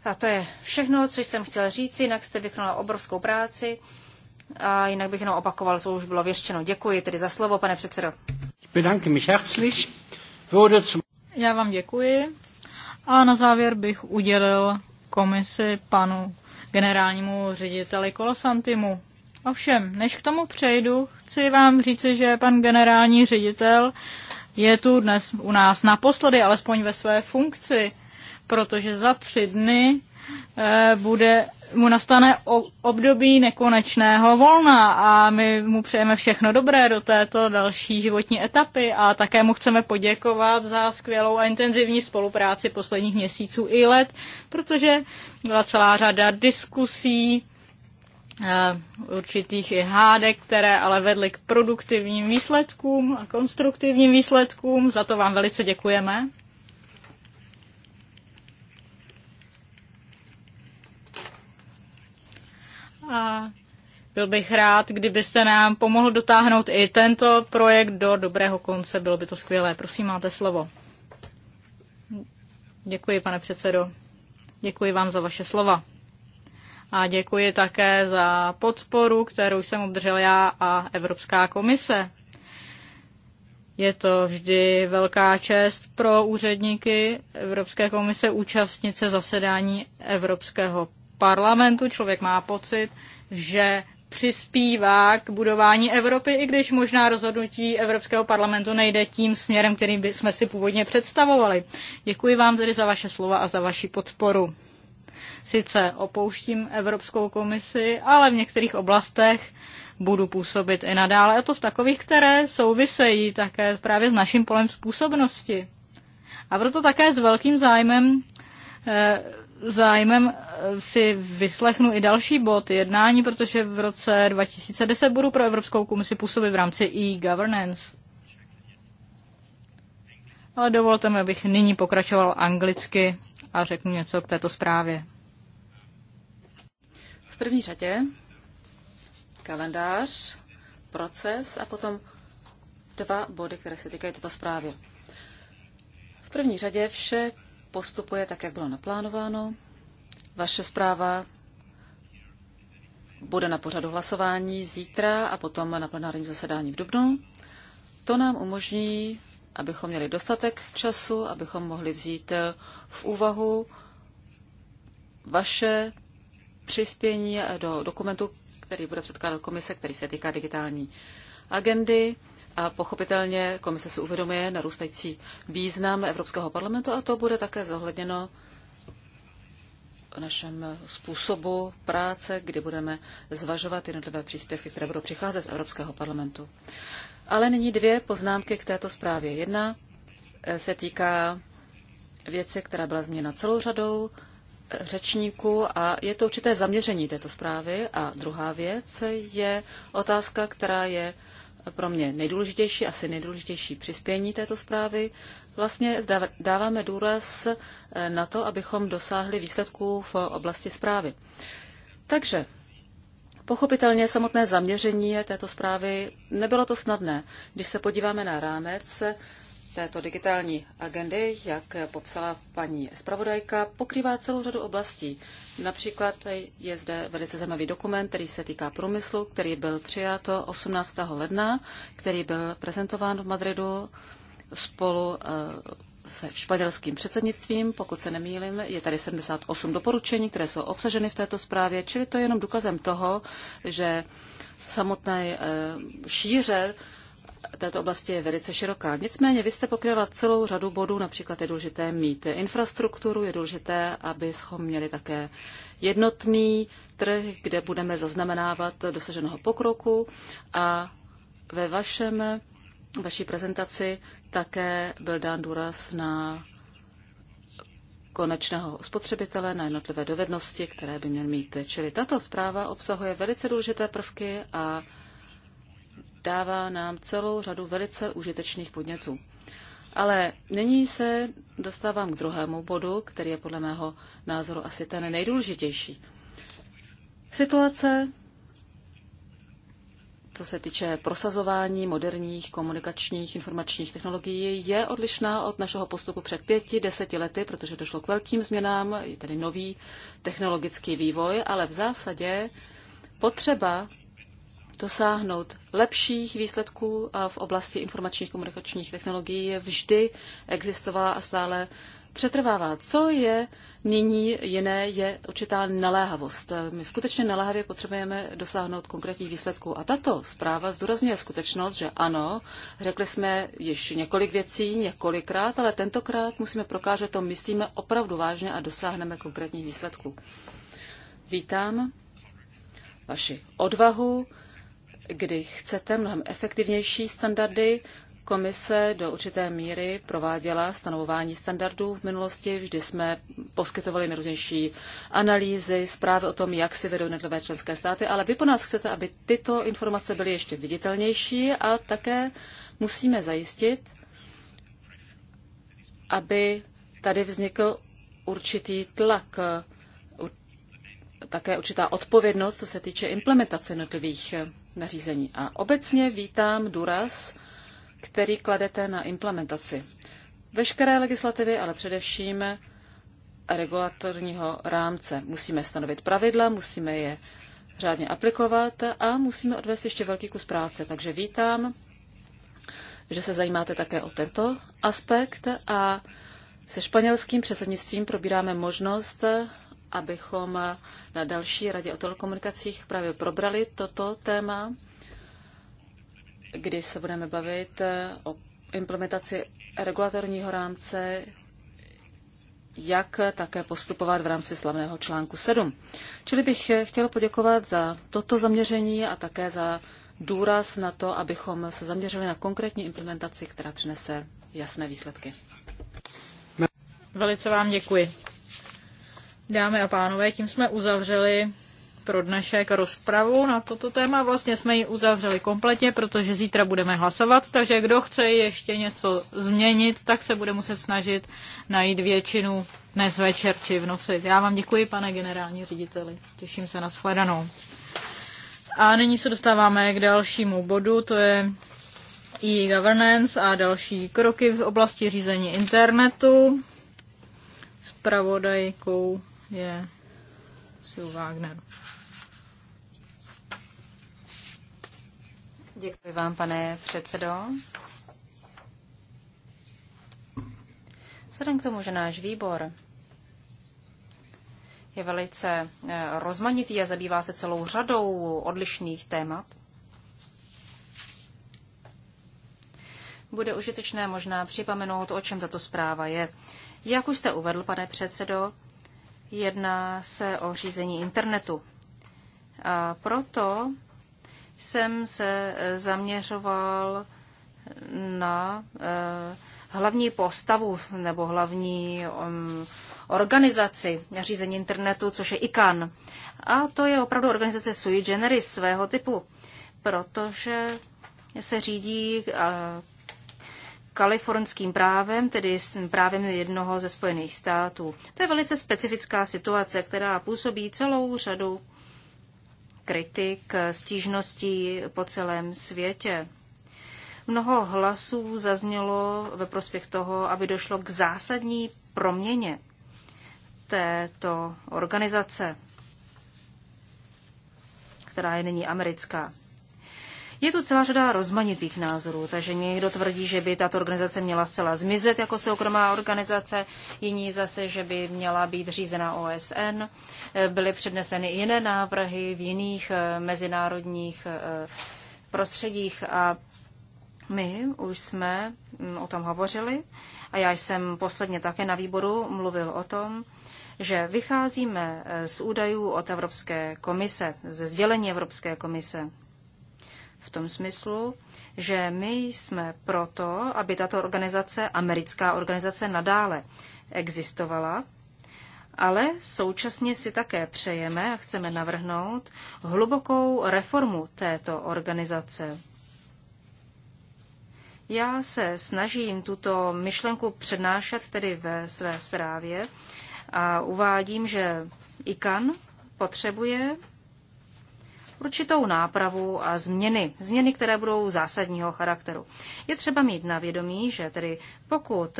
A to je všechno, co jsem chtěla říct, jinak jste vykonala obrovskou práci. A jinak bych jenom opakoval, co už bylo věštěno. Děkuji tedy za slovo, pane předsedo. Já vám děkuji. A na závěr bych udělil komisi panu generálnímu řediteli Kolosantimu. Ovšem, než k tomu přejdu, chci vám říci, že pan generální ředitel je tu dnes u nás naposledy, alespoň ve své funkci, protože za tři dny Eh, bude, mu nastane období nekonečného volna a my mu přejeme všechno dobré do této další životní etapy a také mu chceme poděkovat za skvělou a intenzivní spolupráci posledních měsíců i let, protože byla celá řada diskusí, eh, určitých i hádek, které ale vedly k produktivním výsledkům a konstruktivním výsledkům. Za to vám velice děkujeme. a byl bych rád, kdybyste nám pomohl dotáhnout i tento projekt do dobrého konce. Bylo by to skvělé. Prosím, máte slovo. Děkuji, pane předsedo. Děkuji vám za vaše slova. A děkuji také za podporu, kterou jsem obdržel já a Evropská komise. Je to vždy velká čest pro úředníky Evropské komise účastnit se zasedání Evropského parlamentu člověk má pocit, že přispívá k budování Evropy, i když možná rozhodnutí Evropského parlamentu nejde tím směrem, který by jsme si původně představovali. Děkuji vám tedy za vaše slova a za vaši podporu. Sice opouštím Evropskou komisi, ale v některých oblastech budu působit i nadále, a to v takových, které souvisejí také právě s naším polem způsobnosti. A proto také s velkým zájmem eh, zájmem eh, si vyslechnu i další bod jednání, protože v roce 2010 budu pro Evropskou komisi působit v rámci e-governance. Ale dovolte mi, abych nyní pokračoval anglicky a řeknu něco k této zprávě. V první řadě kalendář, proces a potom dva body, které se týkají této zprávy. V první řadě vše postupuje tak, jak bylo naplánováno. Vaše zpráva bude na pořadu hlasování zítra a potom na plenárním zasedání v Dubnu. To nám umožní, abychom měli dostatek času, abychom mohli vzít eh, v úvahu vaše přispění do dokumentu, který bude předkládat komise, který se týká digitální agendy. A pochopitelně komise si uvědomuje narůstající význam Evropského parlamentu a to bude také zohledněno v našem způsobu práce, kdy budeme zvažovat jednotlivé příspěvky, které budou přicházet z Evropského parlamentu. Ale nyní dvě poznámky k této zprávě. Jedna eh, se týká věci, která byla změna celou řadou eh, řečníků a je to určité zaměření této zprávy. A druhá věc je otázka, která je pro mě nejdůležitější, asi nejdůležitější přispění této zprávy. Vlastně dáváme důraz eh, na to, abychom dosáhli výsledků v oblasti zprávy. Takže Pochopitelně samotné zaměření této zprávy nebylo to snadné. Když se podíváme na rámec, této digitální agendy, jak popsala paní zpravodajka, pokrývá celou řadu oblastí. Například je zde velice zajímavý dokument, který se týká průmyslu, který byl přijat 18. ledna, který byl prezentován v Madridu spolu eh, se španělským předsednictvím, pokud se nemýlím, je tady 78 doporučení, které jsou obsaženy v této zprávě, čili to je jenom důkazem toho, že samotné eh, šíře této oblasti je velice široká. Nicméně vy jste pokryla celou řadu bodů, například je důležité mít infrastrukturu, je důležité, abychom měli také jednotný trh, kde budeme zaznamenávat dosaženého pokroku a ve vašem, vaší prezentaci také byl dán důraz na konečného spotřebitele, na jednotlivé dovednosti, které by měl mít. Čili tato zpráva obsahuje velice důležité prvky a dává nám celou řadu velice užitečných podnětů. Ale nyní se dostávám k druhému bodu, který je podle mého názoru asi ten nejdůležitější. Situace, co se týče prosazování moderních komunikačních informačních technologií, je odlišná od našeho postupu před pěti, deseti lety, protože došlo k velkým změnám, je tady nový technologický vývoj, ale v zásadě potřeba dosáhnout lepších výsledků v oblasti informačních komunikačních technologií je vždy existovala a stále přetrvává. Co je nyní jiné, je určitá naléhavost. My skutečně naléhavě potřebujeme dosáhnout konkrétních výsledků. A tato zpráva zdůrazňuje skutečnost, že ano, řekli jsme již několik věcí, několikrát, ale tentokrát musíme prokázat, že to myslíme opravdu vážně a dosáhneme konkrétních výsledků. Vítám vaši odvahu, kdy chcete mnohem efektivnější standardy. Komise do určité míry prováděla stanovování standardů v minulosti. Vždy jsme poskytovali nejrůznější analýzy, zprávy o tom, jak si vedou jednotlivé členské státy, ale vy po nás chcete, aby tyto informace byly ještě viditelnější a také musíme zajistit, aby tady vznikl určitý tlak, také určitá odpovědnost, co se týče implementace jednotlivých nařízení. A obecně vítám důraz, který kladete na implementaci veškeré legislativy, ale především regulatorního rámce. Musíme stanovit pravidla, musíme je řádně aplikovat a musíme odvést ještě velký kus práce. Takže vítám, že se zajímáte také o tento aspekt a se španělským předsednictvím probíráme možnost abychom na další radě o telekomunikacích právě probrali toto téma, kdy se budeme bavit o implementaci regulatorního rámce, jak také postupovat v rámci slavného článku 7. Čili bych chtěl poděkovat za toto zaměření a také za důraz na to, abychom se zaměřili na konkrétní implementaci, která přinese jasné výsledky. Velice vám děkuji. Dámy a pánové, tím jsme uzavřeli pro dnešek rozpravu na toto téma. Vlastně jsme ji uzavřeli kompletně, protože zítra budeme hlasovat, takže kdo chce ještě něco změnit, tak se bude muset snažit najít většinu dnes večer či v noci. Já vám děkuji, pane generální řediteli. Těším se na shledanou. A nyní se dostáváme k dalšímu bodu, to je e-governance a další kroky v oblasti řízení internetu. Spravodajkou je Sil Wagner. Děkuji vám, pane předsedo. Vzhledem k tomu, že náš výbor je velice eh, rozmanitý a zabývá se celou řadou odlišných témat, bude užitečné možná připomenout, o čem tato zpráva je. Jak už jste uvedl, pane předsedo, Jedná se o řízení internetu. A proto jsem se zaměřoval na e, hlavní postavu nebo hlavní um, organizaci řízení internetu, což je ICANN. A to je opravdu organizace sui generis svého typu, protože se řídí kalifornským právem, tedy s právem jednoho ze Spojených států. To je velice specifická situace, která působí celou řadu kritik, stížností po celém světě. Mnoho hlasů zaznělo ve prospěch toho, aby došlo k zásadní proměně této organizace, která je nyní americká. Je tu celá řada rozmanitých názorů, takže někdo tvrdí, že by tato organizace měla zcela zmizet jako soukromá organizace, jiní zase, že by měla být řízena OSN. Byly předneseny jiné návrhy v jiných eh, mezinárodních eh, prostředích a my už jsme hm, o tom hovořili a já jsem posledně také na výboru mluvil o tom, že vycházíme eh, z údajů od Evropské komise, ze sdělení Evropské komise v tom smyslu, že my jsme proto, aby tato organizace, americká organizace, nadále existovala, ale současně si také přejeme a chceme navrhnout hlubokou reformu této organizace. Já se snažím tuto myšlenku přednášet tedy ve své zprávě a uvádím, že ICAN potřebuje určitou nápravu a změny, změny, které budou zásadního charakteru. Je třeba mít na vědomí, že tedy pokud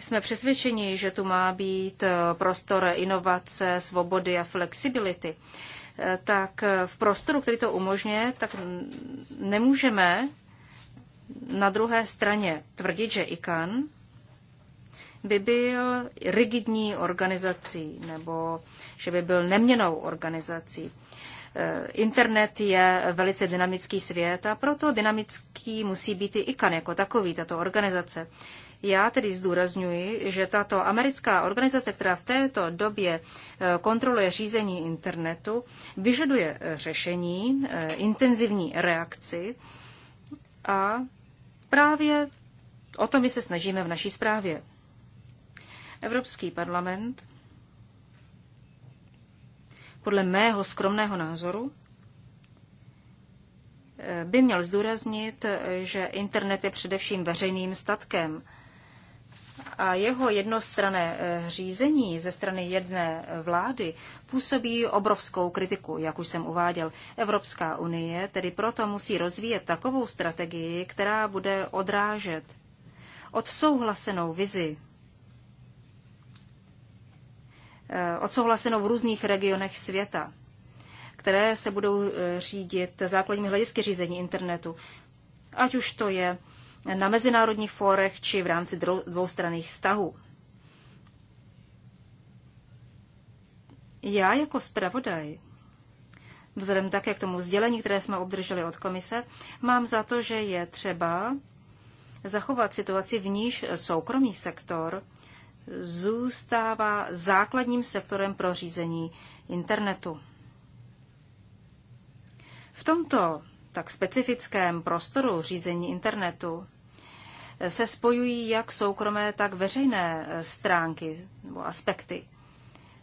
jsme přesvědčeni, že tu má být eh, prostor inovace, svobody a flexibility, eh, tak eh, v prostoru, který to umožňuje, tak nemůžeme na druhé straně tvrdit, že ICAN by byl rigidní organizací nebo že by byl neměnou organizací. Eh, internet je velice dynamický svět a proto dynamický musí být i ICAN jako takový, tato organizace. Já tedy zdůrazňuji, že tato americká organizace, která v této době eh, kontroluje řízení internetu, vyžaduje eh, řešení, intenzivní reakci a právě o to my se snažíme v naší zprávě. Evropský parlament podle mého skromného názoru, eh, by měl zdůraznit, eh, že internet je především veřejným statkem a jeho jednostrané eh, řízení ze strany jedné vlády působí obrovskou kritiku, jak už jsem uváděl. Evropská unie tedy proto musí rozvíjet takovou strategii, která bude odrážet odsouhlasenou vizi Eh, odsouhlaseno v různých regionech světa, které se budou eh, řídit základními hledisky řízení internetu. Ať už to je na mezinárodních fórech či v rámci dvoustranných vztahů. Já jako zpravodaj, vzhledem také k tomu sdělení, které jsme obdrželi od komise, mám za to, že je třeba zachovat situaci, v níž soukromý sektor zůstává základním sektorem pro řízení internetu. V tomto tak specifickém prostoru řízení internetu se spojují jak soukromé, tak veřejné eh, stránky nebo aspekty,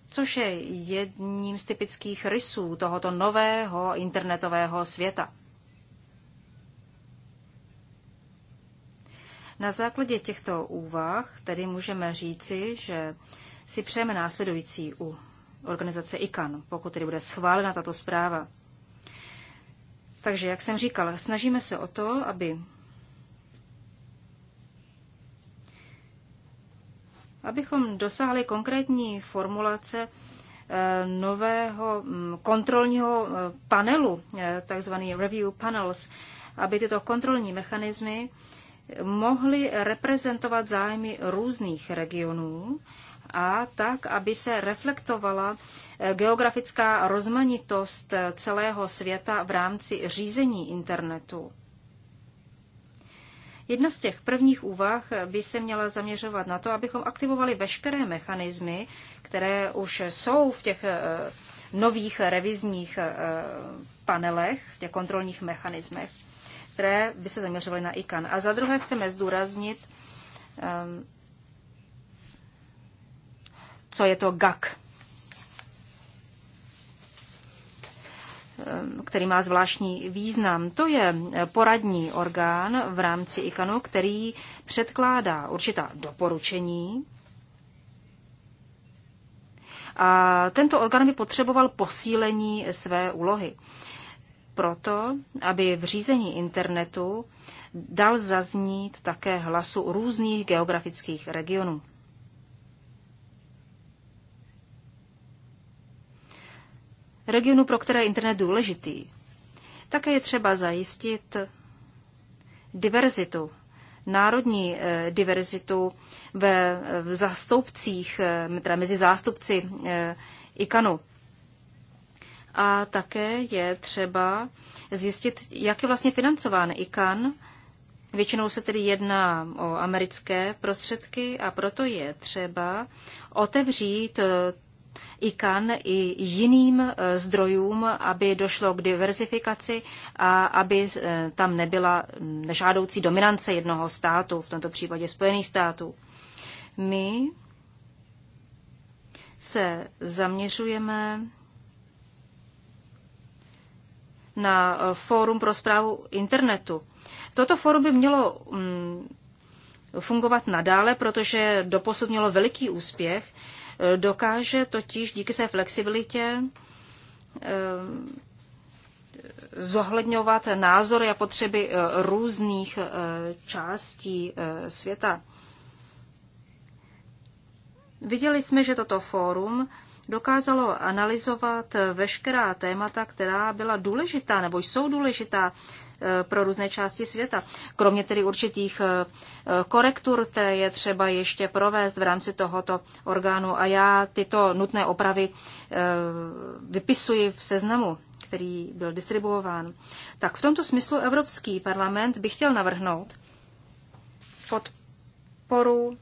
což je jedním z typických rysů tohoto nového internetového světa. Na základě těchto úvah tedy můžeme říci, že si přejeme následující u organizace ICAN, pokud tedy bude schválena tato zpráva. Takže, jak jsem říkal, snažíme se o to, aby abychom dosáhli konkrétní formulace eh, nového mm, kontrolního eh, panelu, eh, takzvaný review panels, aby tyto kontrolní mechanismy mohli reprezentovat zájmy různých regionů a tak, aby se reflektovala eh, geografická rozmanitost eh, celého světa v rámci řízení internetu. Jedna z těch prvních úvah eh, by se měla zaměřovat na to, abychom aktivovali veškeré mechanismy, které už jsou v těch nových revizních panelech, těch kontrolních mechanismech, které by se zaměřovaly na ICAN. A za druhé chceme zdůraznit, ehm, co je to GAK, ehm, který má zvláštní význam. To je poradní orgán v rámci ICANu, který předkládá určitá doporučení. A tento orgán by potřeboval posílení své úlohy proto, aby v řízení internetu dal zaznít také hlasu různých geografických regionů. Regionu, pro které je internet důležitý. Také je třeba zajistit diverzitu, národní eh, diverzitu ve, v zástupcích, eh, teda mezi zástupci eh, ICANu a také je třeba zjistit, jak je vlastně financován ICAN. Většinou se tedy jedná o americké prostředky a proto je třeba otevřít eh, ICAN i jiným eh, zdrojům, aby došlo k diverzifikaci a aby eh, tam nebyla nežádoucí dominance jednoho státu, v tomto případě Spojených států. My se zaměřujeme na eh, Fórum pro zprávu internetu. Toto fórum by mělo mm, fungovat nadále, protože doposud mělo veliký úspěch. Eh, dokáže totiž díky své flexibilitě eh, zohledňovat názory a potřeby různých částí světa. Viděli jsme, že toto fórum dokázalo analyzovat veškerá témata, která byla důležitá nebo jsou důležitá eh, pro různé části světa. Kromě tedy určitých eh, korektur, které je třeba ještě provést v rámci tohoto orgánu. A já tyto nutné opravy eh, vypisuji v seznamu který byl distribuován. Tak v tomto smyslu Evropský parlament by chtěl navrhnout podporu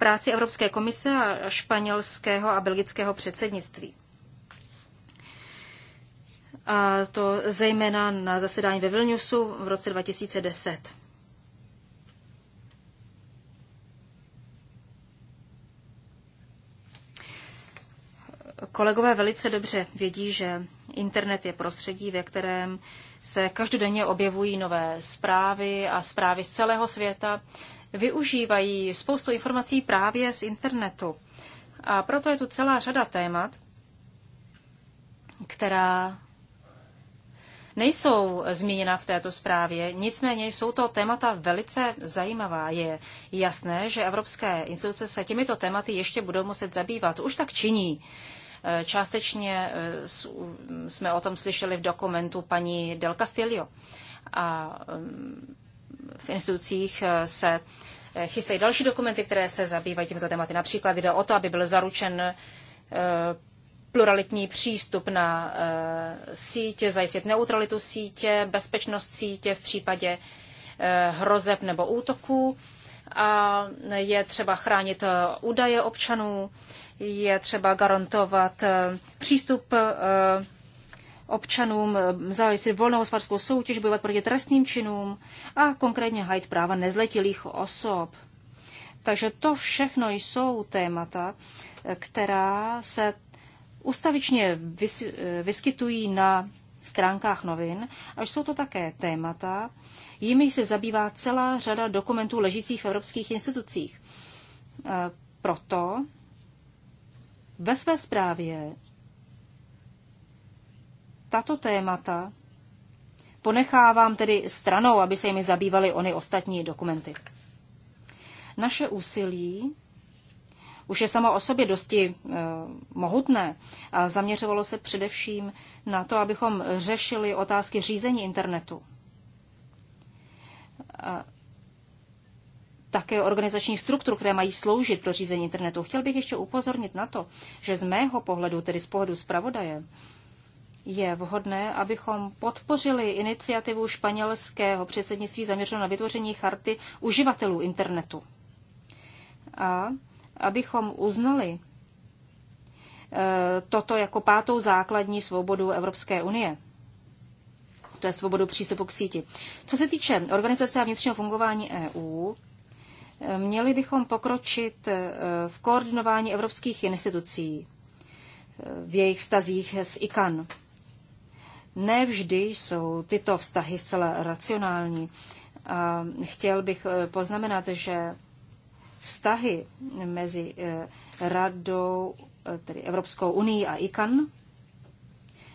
práci Evropské komise a španělského a belgického předsednictví. A to zejména na zasedání ve Vilniusu v roce 2010. Kolegové velice dobře vědí, že internet je prostředí, ve kterém se každodenně objevují nové zprávy a zprávy z celého světa využívají spoustu informací právě z internetu. A proto je tu celá řada témat, která nejsou zmíněna v této zprávě, nicméně jsou to témata velice zajímavá. Je jasné, že evropské instituce se těmito tématy ještě budou muset zabývat. Už tak činí. Eh, částečně eh, jsme o tom slyšeli v dokumentu paní Del Castillo. A mm, v institucích eh, se eh, chystají další dokumenty, které se zabývají těmito tématy. Například jde o to, aby byl zaručen eh, pluralitní přístup na sítě, zajistit neutralitu sítě, bezpečnost sítě v případě hrozeb nebo útoků. A je třeba chránit údaje občanů, je třeba garantovat přístup občanům eh, zajistit volnou hospodářskou soutěž, bojovat proti trestným činům a konkrétně hajit práva nezletilých osob. Takže to všechno jsou témata, eh, která se ustavičně eh, vyskytují na stránkách novin, až jsou to také témata, jimi se zabývá celá řada dokumentů ležících v evropských institucích. Proto ve své zprávě tato témata ponechávám tedy stranou, aby se jimi zabývaly ony ostatní dokumenty. Naše úsilí už je samo o sobě dosti e, mohutné a zaměřovalo se především na to, abychom řešili otázky řízení internetu. A také organizační struktur, které mají sloužit pro řízení internetu. Chtěl bych ještě upozornit na to, že z mého pohledu, tedy z pohledu zpravodaje, je vhodné, abychom podpořili iniciativu španělského předsednictví zaměřenou na vytvoření charty uživatelů internetu. A abychom uznali e, toto jako pátou základní svobodu Evropské unie. To je svobodu přístupu k síti. Co se týče organizace a vnitřního fungování EU, e, měli bychom pokročit e, v koordinování evropských institucí v jejich vztazích s ICAN. Nevždy jsou tyto vztahy zcela racionální. A chtěl bych eh, poznamenat, že vztahy mezi eh, radou, eh, tedy Evropskou unii a ICAN,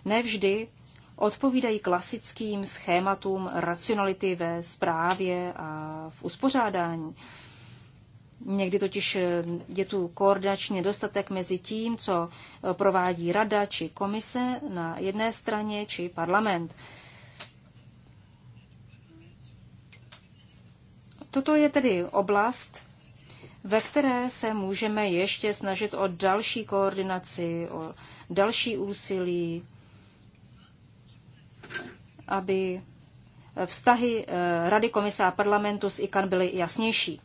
nevždy odpovídají klasickým schématům racionality ve správě a v uspořádání. Někdy totiž eh, je tu koordinační nedostatek mezi tím, co eh, provádí rada či komise na jedné straně, či parlament. Toto je tedy oblast, ve které se můžeme ještě snažit o další koordinaci, o další úsilí, aby vztahy eh, Rady komise a parlamentu s ICAN byly jasnější.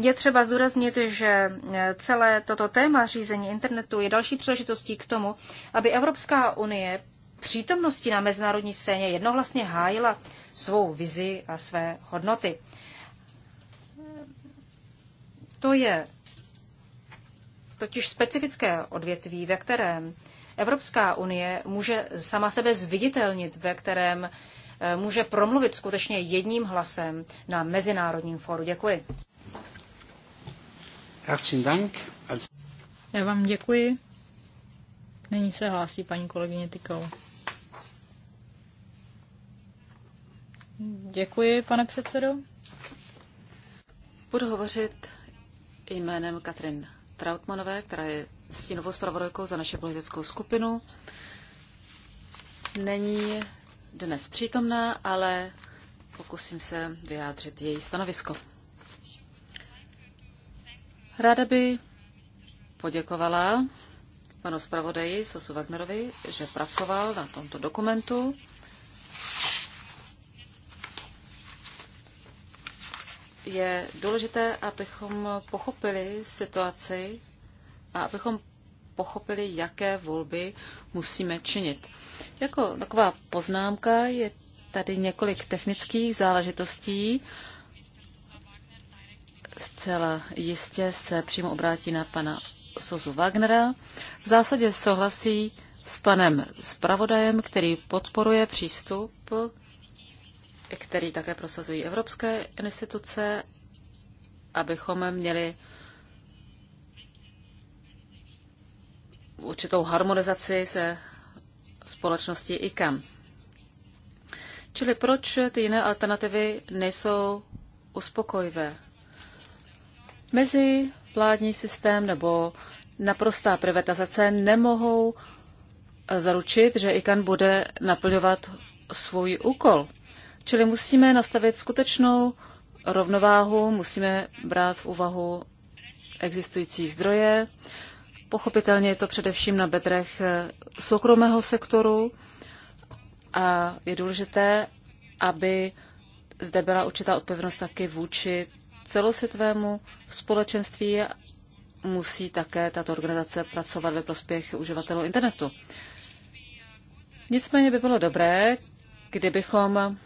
Je třeba zdůraznit, že eh, celé toto téma řízení internetu je další příležitostí k tomu, aby Evropská unie přítomnosti na mezinárodní scéně jednohlasně hájila svou vizi a své hodnoty. To je totiž specifické odvětví, ve kterém Evropská unie může sama sebe zviditelnit, ve kterém eh, může promluvit skutečně jedním hlasem na mezinárodním fóru. Děkuji. Herzlichen Dank. Já vám děkuji. Nyní se hlásí paní kolegyně Tykou. Děkuji, pane předsedo. Budu hovořit jménem Katrin Trautmanové, která je stínovou zpravodajkou za naše politickou skupinu. Není dnes přítomná, ale pokusím se vyjádřit její stanovisko. Ráda by poděkovala panu zpravodaji Sosu Wagnerovi, že pracoval na tomto dokumentu. Je důležité, abychom pochopili situaci a abychom pochopili, jaké volby musíme činit. Jako taková poznámka je tady několik technických záležitostí, zcela jistě se přímo obrátí na pana Sosu Wagnera. V zásadě souhlasí s panem zpravodajem, který podporuje přístup, který také prosazují evropské instituce, abychom měli určitou harmonizaci se společností ICAM. Čili proč ty jiné alternativy nejsou uspokojivé? mezi vládní systém nebo naprostá privatizace nemohou eh, zaručit, že IKAN bude naplňovat svůj úkol. Čili musíme nastavit skutečnou rovnováhu, musíme brát v úvahu existující zdroje. Pochopitelně je to především na bedrech eh, soukromého sektoru a je důležité, aby zde byla určitá odpovědnost taky vůči celosvětovému společenství musí také tato organizace pracovat ve prospěch uživatelů internetu. Nicméně by bylo dobré, kdybychom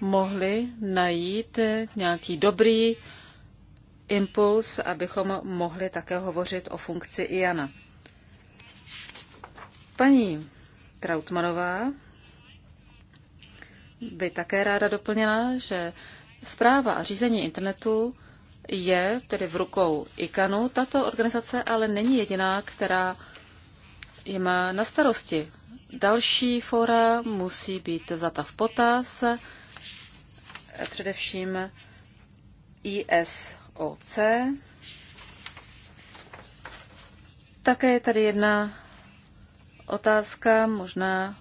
mohli najít nějaký dobrý impuls, abychom mohli také hovořit o funkci IANA. Paní Trautmanová by také ráda doplnila, že Zpráva a řízení internetu je tedy v rukou ICANu. Tato organizace ale není jediná, která je má na starosti. Další fora musí být zata v potaz, především ISOC. Také je tady jedna otázka, možná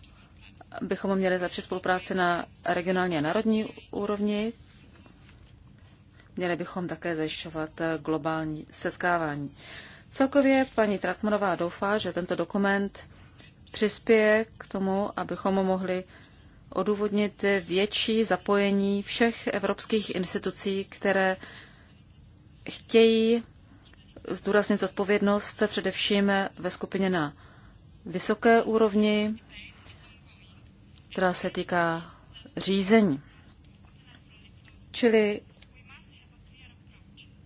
bychom měli zlepšit spolupráci na regionální a národní úrovni. Měli bychom také zajišťovat eh, globální setkávání. Celkově paní Tratmanová doufá, že tento dokument přispěje k tomu, abychom mohli odůvodnit větší zapojení všech evropských institucí, které chtějí zdůraznit odpovědnost především ve skupině na vysoké úrovni, která se týká řízení. Čili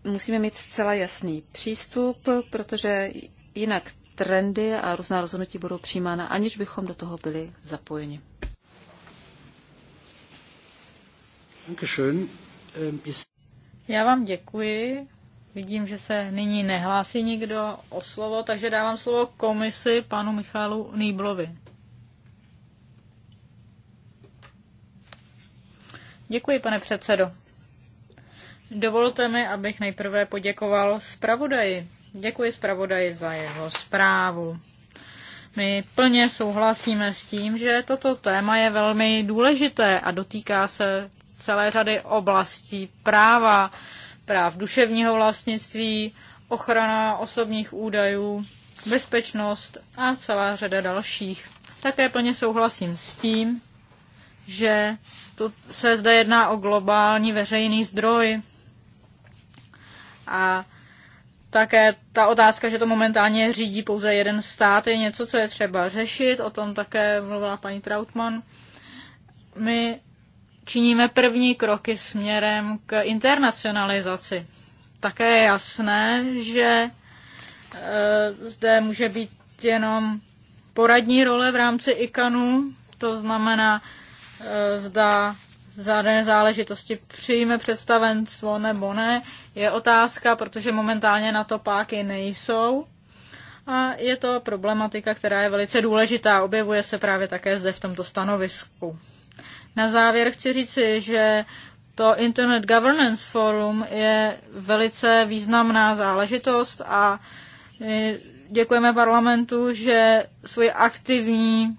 musíme mít zcela jasný přístup, protože jinak trendy a různá rozhodnutí budou přijímána, aniž bychom do toho byli zapojeni. Ähm, Já vám děkuji. Vidím, že se nyní nehlásí nikdo o slovo, takže dávám slovo komisi panu Michálu Nýblovi. Děkuji, pane předsedo. Dovolte mi, abych nejprve poděkoval zpravodaji. Děkuji zpravodaji za jeho zprávu. My plně souhlasíme s tím, že toto téma je velmi důležité a dotýká se celé řady oblastí práva, práv duševního vlastnictví, ochrana osobních údajů, bezpečnost a celá řada dalších. Také plně souhlasím s tím, že to se zde jedná o globální veřejný zdroj, a také ta otázka, že to momentálně řídí pouze jeden stát, je něco, co je třeba řešit. O tom také mluvila paní Trautmann. My činíme první kroky směrem k internacionalizaci. Také je jasné, že e, zde může být jenom poradní role v rámci ICANu, to znamená, e, zda žádné záležitosti přijme představenstvo nebo ne, je otázka, protože momentálně na to páky nejsou. A je to problematika, která je velice důležitá, objevuje se právě také zde v tomto stanovisku. Na závěr chci říci, že to Internet Governance Forum je velice významná záležitost a eh, děkujeme parlamentu, že svoji aktivní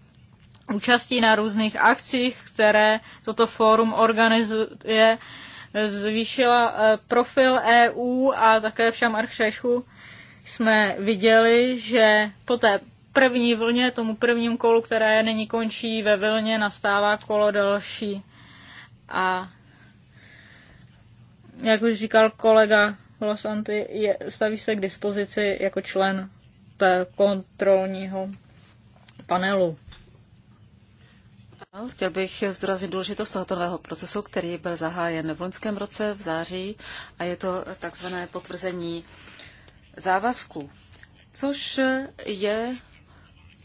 účastí na různých akcích, které toto fórum organizuje, zvýšila eh, profil EU a také v Šamarchšechu jsme viděli, že po té první vlně, tomu prvním kolu, které není končí ve vlně nastává kolo další. A jak už říkal kolega Losanty, je, staví se k dispozici jako člen té kontrolního panelu. No, chtěl bych zdůraznit důležitost tohoto nového procesu, který byl zahájen v loňském roce v září a je to takzvané potvrzení závazků, což je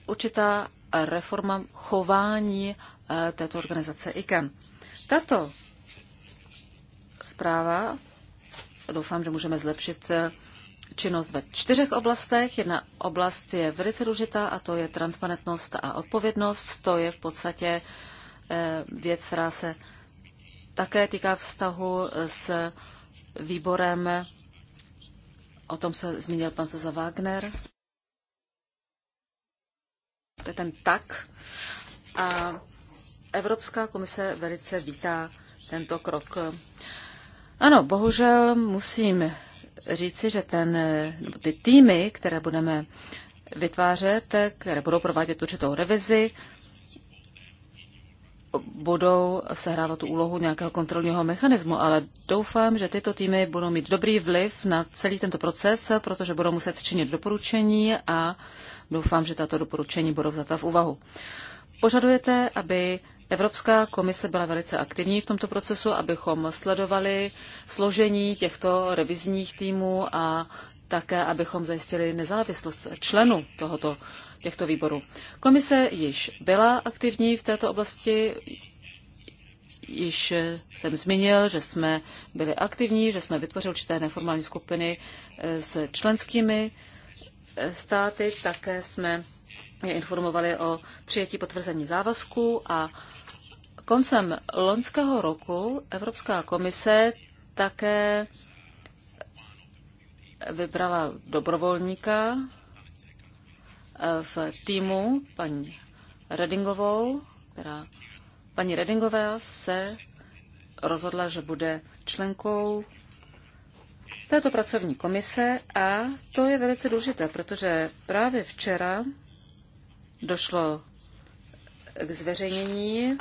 určitá reforma chování eh, této organizace ICAN. Tato zpráva, doufám, že můžeme zlepšit eh, činnost ve čtyřech oblastech. Jedna oblast je velice důležitá a to je transparentnost a odpovědnost. To je v podstatě eh, věc, která se také týká vztahu s výborem. O tom se zmínil pan Suza Wagner. To je ten tak. A Evropská komise velice vítá tento krok. Ano, bohužel musím říci, že ten, ty týmy, které budeme vytvářet, které budou provádět určitou revizi, budou sehrávat tu úlohu nějakého kontrolního mechanismu, ale doufám, že tyto týmy budou mít dobrý vliv na celý tento proces, protože budou muset činit doporučení a doufám, že tato doporučení budou vzata v úvahu. Požadujete, aby Evropská komise byla velice aktivní v tomto procesu, abychom sledovali složení těchto revizních týmů a také, abychom zajistili nezávislost členů tohoto, těchto výborů. Komise již byla aktivní v této oblasti, již jsem zmínil, že jsme byli aktivní, že jsme vytvořili určité neformální skupiny eh, s členskými eh, státy, také jsme je informovali o přijetí potvrzení závazků a Koncem loňského roku Evropská komise také vybrala dobrovolníka eh, v týmu paní Redingovou, která paní Redingová se rozhodla, že bude členkou této pracovní komise a to je velice důležité, protože právě včera došlo k zveřejnění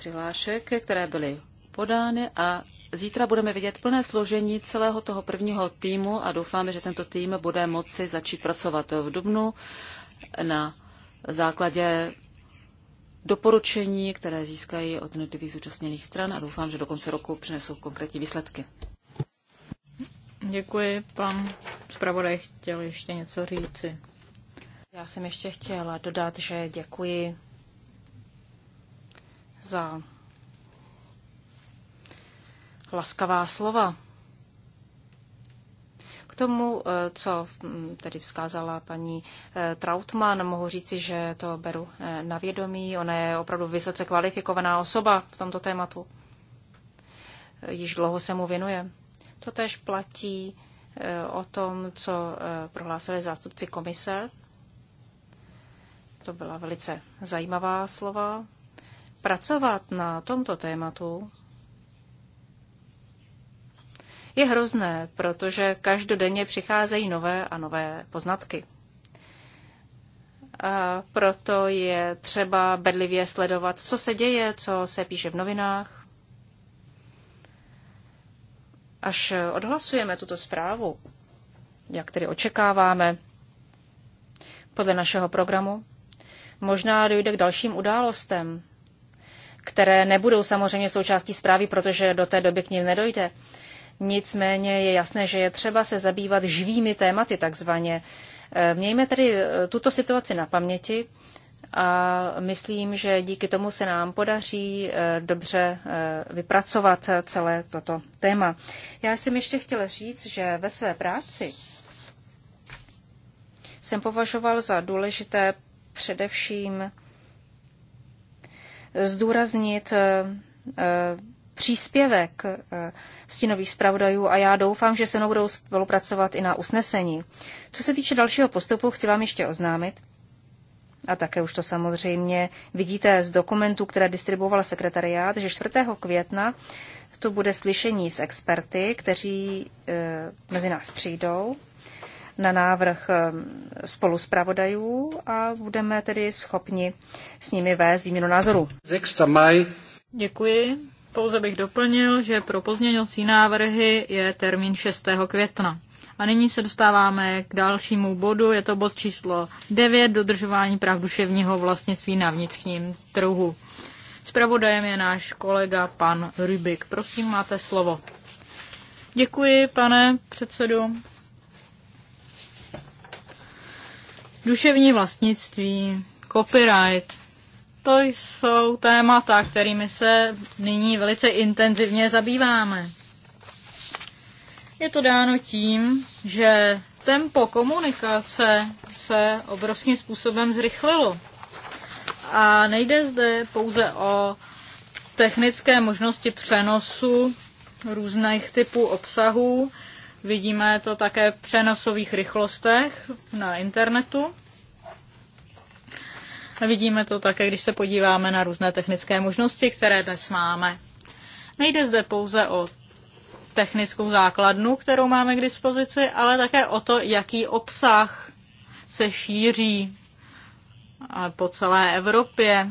přihlášek, které byly podány a zítra budeme vidět plné složení celého toho prvního týmu a doufáme, že tento tým bude moci začít pracovat v Dubnu na základě doporučení, které získají od jednotlivých zúčastněných stran a doufám, že do konce roku přinesou konkrétní výsledky. Děkuji, pan zpravodaj chtěl ještě něco říci. Já jsem ještě chtěla dodat, že děkuji za laskavá slova. K tomu, eh, co hm, tedy vzkázala paní eh, Trautmann, mohu říci, že to beru eh, na vědomí. Ona je opravdu vysoce kvalifikovaná osoba v tomto tématu. Již dlouho se mu věnuje. To tež platí o tom, co prohlásili zástupci komise. To byla velice zajímavá slova pracovat na tomto tématu je hrozné, protože každodenně přicházejí nové a nové poznatky. A proto je třeba bedlivě sledovat, co se děje, co se píše v novinách. Až odhlasujeme tuto zprávu, jak tedy očekáváme podle našeho programu, možná dojde k dalším událostem, které nebudou samozřejmě součástí zprávy, protože do té doby k ním nedojde. Nicméně je jasné, že je třeba se zabývat živými tématy takzvaně. Eh, mějme tedy eh, tuto situaci na paměti a myslím, že díky tomu se nám podaří eh, dobře vypracovat celé toto téma. Já jsem ještě chtěla říct, že ve své práci jsem považoval za důležité především zdůraznit eh, eh, příspěvek eh, stínových zpravodajů a já doufám, že se mnou budou spolupracovat i na usnesení. Co se týče dalšího postupu, chci vám ještě oznámit, a také už to samozřejmě vidíte z dokumentů, které distribuoval sekretariát, že 4. května to bude slyšení s experty, kteří e, mezi nás přijdou na návrh ehm, spolu zpravodajů a budeme tedy schopni s nimi vést výměnu názoru. Děkuji. Pouze bych doplnil, že pro pozměňovací návrhy je termín 6. května. A nyní se dostáváme k dalšímu bodu, je to bod číslo 9, dodržování práv duševního vlastnictví na vnitřním trhu. Spravodajem je náš kolega pan Rybik. Prosím, máte slovo. Děkuji, pane předsedu. Duševní vlastnictví, copyright, to jsou témata, kterými se nyní velice intenzivně zabýváme. Je to dáno tím, že tempo komunikace se obrovským způsobem zrychlilo. A nejde zde pouze o technické možnosti přenosu různých typů obsahů, Vidíme to také v přenosových rychlostech na internetu. Vidíme to také, když se podíváme na různé technické možnosti, které dnes máme. Nejde zde pouze o technickou základnu, kterou máme k dispozici, ale také o to, jaký obsah se šíří po celé Evropě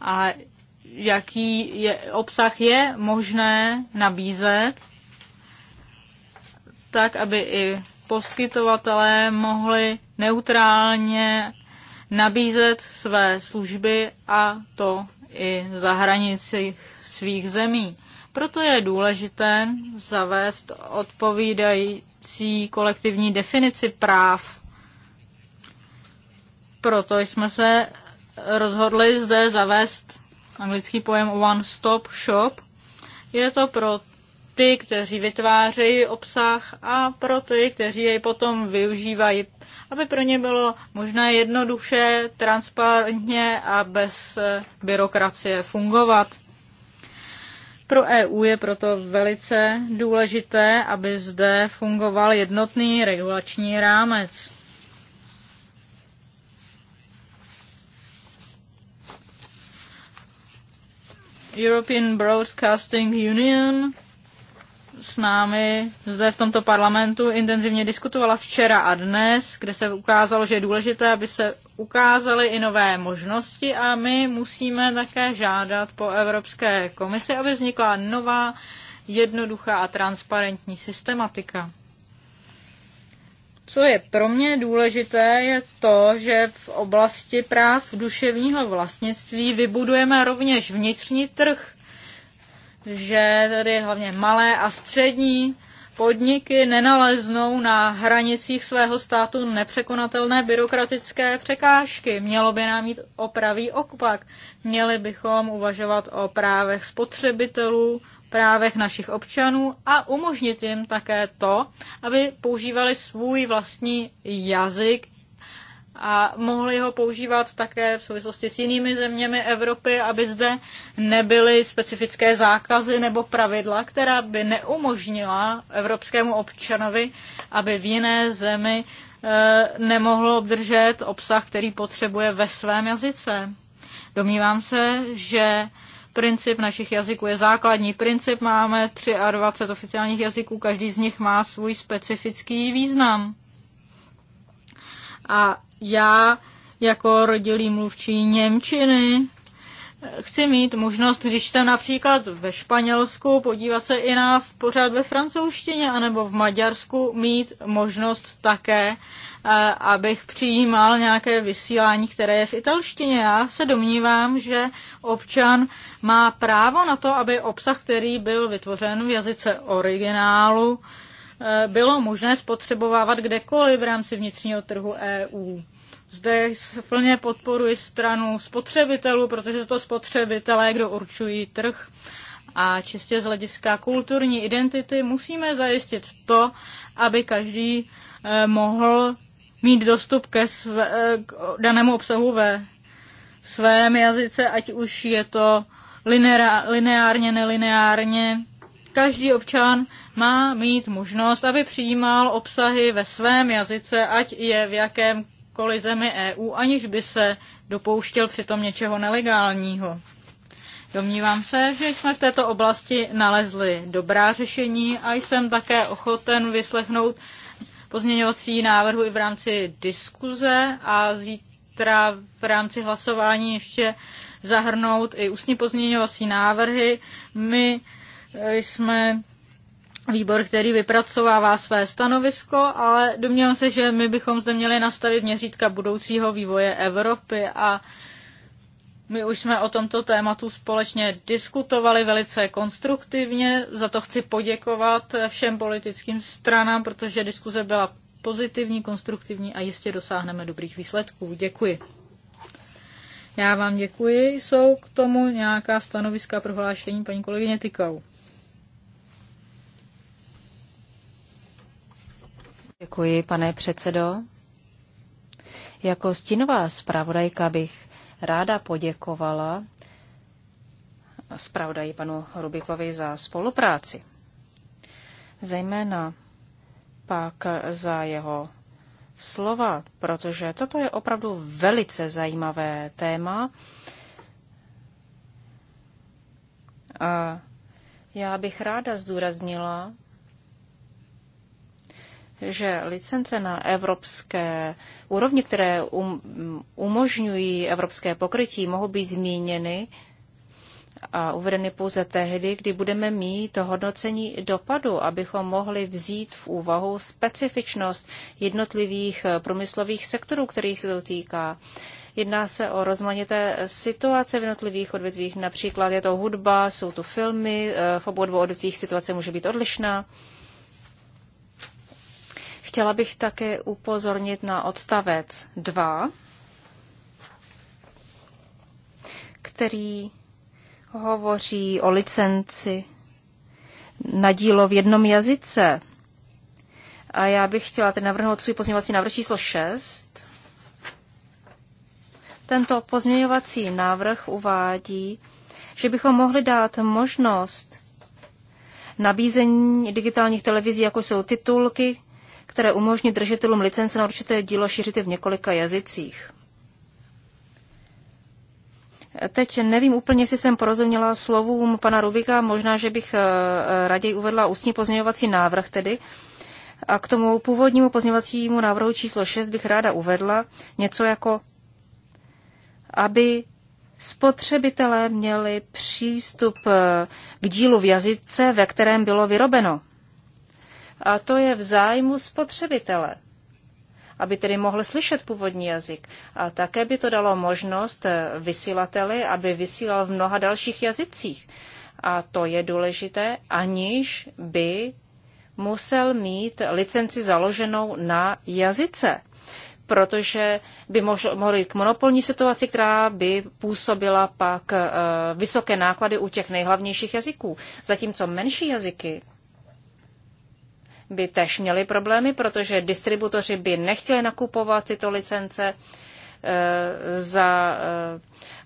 a jaký je, obsah je možné nabízet tak aby i poskytovatelé mohli neutrálně nabízet své služby a to i za hranici svých zemí. Proto je důležité zavést odpovídající kolektivní definici práv. Proto jsme se rozhodli zde zavést anglický pojem one stop shop. Je to proto, ty, kteří vytvářejí obsah a pro ty, kteří jej potom využívají, aby pro ně bylo možná jednoduše, transparentně a bez eh, byrokracie fungovat. Pro EU je proto velice důležité, aby zde fungoval jednotný regulační rámec. European Broadcasting Union s námi zde v tomto parlamentu intenzivně diskutovala včera a dnes, kde se ukázalo, že je důležité, aby se ukázaly i nové možnosti a my musíme také žádat po Evropské komisi, aby vznikla nová, jednoduchá a transparentní systematika. Co je pro mě důležité, je to, že v oblasti práv duševního vlastnictví vybudujeme rovněž vnitřní trh, že tedy hlavně malé a střední podniky nenaleznou na hranicích svého státu nepřekonatelné byrokratické překážky. Mělo by nám jít o pravý opak. Měli bychom uvažovat o právech spotřebitelů, právech našich občanů a umožnit jim také to, aby používali svůj vlastní jazyk, a mohli ho používat také v souvislosti s jinými zeměmi Evropy, aby zde nebyly specifické zákazy nebo pravidla, která by neumožnila evropskému občanovi, aby v jiné zemi eh, nemohl obdržet obsah, který potřebuje ve svém jazyce. Domnívám se, že princip našich jazyků je základní princip. Máme 23 oficiálních jazyků, každý z nich má svůj specifický význam. A já jako rodilý mluvčí Němčiny chci mít možnost, když jsem například ve Španělsku, podívat se i na pořád ve francouzštině, anebo v Maďarsku, mít možnost také, eh, abych přijímal nějaké vysílání, které je v italštině. Já se domnívám, že občan má právo na to, aby obsah, který byl vytvořen v jazyce originálu, Eh, bylo možné spotřebovávat kdekoliv v rámci vnitřního trhu EU. Zde plně podporuji stranu spotřebitelů, protože to spotřebitelé, kdo určují trh. A čistě z hlediska kulturní identity musíme zajistit to, aby každý eh, mohl mít dostup ke své, eh, k danému obsahu ve svém jazyce, ať už je to lineárně, nelineárně, každý občan má mít možnost, aby přijímal obsahy ve svém jazyce, ať je v jakémkoliv zemi EU, aniž by se dopouštěl přitom něčeho nelegálního. Domnívám se, že jsme v této oblasti nalezli dobrá řešení a jsem také ochoten vyslechnout pozměňovací návrhu i v rámci diskuze a zítra v rámci hlasování ještě zahrnout i ústní pozměňovací návrhy. My jsme výbor, který vypracovává své stanovisko, ale domnívám se, že my bychom zde měli nastavit měřítka budoucího vývoje Evropy a my už jsme o tomto tématu společně diskutovali velice konstruktivně. Za to chci poděkovat všem politickým stranám, protože diskuze byla pozitivní, konstruktivní a jistě dosáhneme dobrých výsledků. Děkuji. Já vám děkuji. Jsou k tomu nějaká stanoviska prohlášení paní kolegyně Tykau? Děkuji, pane předsedo. Jako stínová zpravodajka bych ráda poděkovala zpravodaji panu Rubikovi za spolupráci. Zejména pak za jeho slova, protože toto je opravdu velice zajímavé téma. A já bych ráda zdůraznila, že licence na evropské úrovni, které um, umožňují evropské pokrytí, mohou být zmíněny a uvedeny pouze tehdy, kdy budeme mít to hodnocení dopadu, abychom mohli vzít v úvahu specifičnost jednotlivých eh, průmyslových sektorů, kterých se to týká. Jedná se o rozmanité situace v jednotlivých odvětvích. Například je to hudba, jsou to filmy, eh, v obou dvou odvětvích situace může být odlišná. Chtěla bych také upozornit na odstavec 2, který hovoří o licenci na dílo v jednom jazyce. A já bych chtěla tedy navrhnout svůj pozměňovací návrh číslo 6. Tento pozměňovací návrh uvádí, že bychom mohli dát možnost nabízení digitálních televizí, jako jsou titulky, které umožní držitelům licence na určité dílo šířit v několika jazycích. Teď nevím úplně, jestli jsem porozuměla slovům pana Rubika, možná, že bych eh, raději uvedla ústní pozměňovací návrh tedy. A k tomu původnímu pozměňovacímu návrhu číslo 6 bych ráda uvedla něco jako, aby spotřebitelé měli přístup eh, k dílu v jazyce, ve kterém bylo vyrobeno. A to je v zájmu spotřebitele aby tedy mohl slyšet původní jazyk. A také by to dalo možnost eh, vysílateli, aby vysílal v mnoha dalších jazycích. A to je důležité, aniž by musel mít licenci založenou na jazyce protože by mohlo jít k monopolní situaci, která by působila pak eh, vysoké náklady u těch nejhlavnějších jazyků. Zatímco menší jazyky by tež měli problémy, protože distributoři by nechtěli nakupovat tyto licence eh, za eh,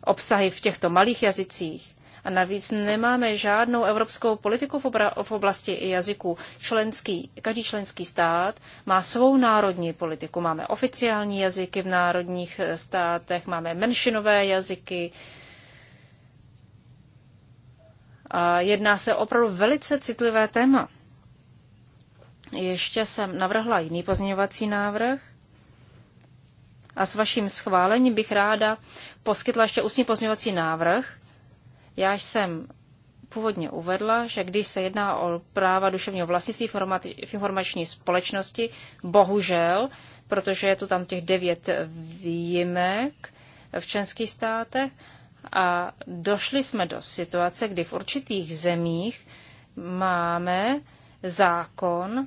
obsahy v těchto malých jazycích. A navíc nemáme žádnou evropskou politiku v oblasti jazyků. Členský, každý členský stát má svou národní politiku. Máme oficiální jazyky v národních eh, státech, máme menšinové jazyky. A jedná se opravdu velice citlivé téma ještě jsem navrhla jiný pozměňovací návrh a s vaším schválením bych ráda poskytla ještě ústní pozměňovací návrh. Já jsem původně uvedla, že když se jedná o práva duševního vlastnictví v informační společnosti, bohužel, protože je tu tam těch devět výjimek v členských státech, a došli jsme do situace, kdy v určitých zemích máme zákon,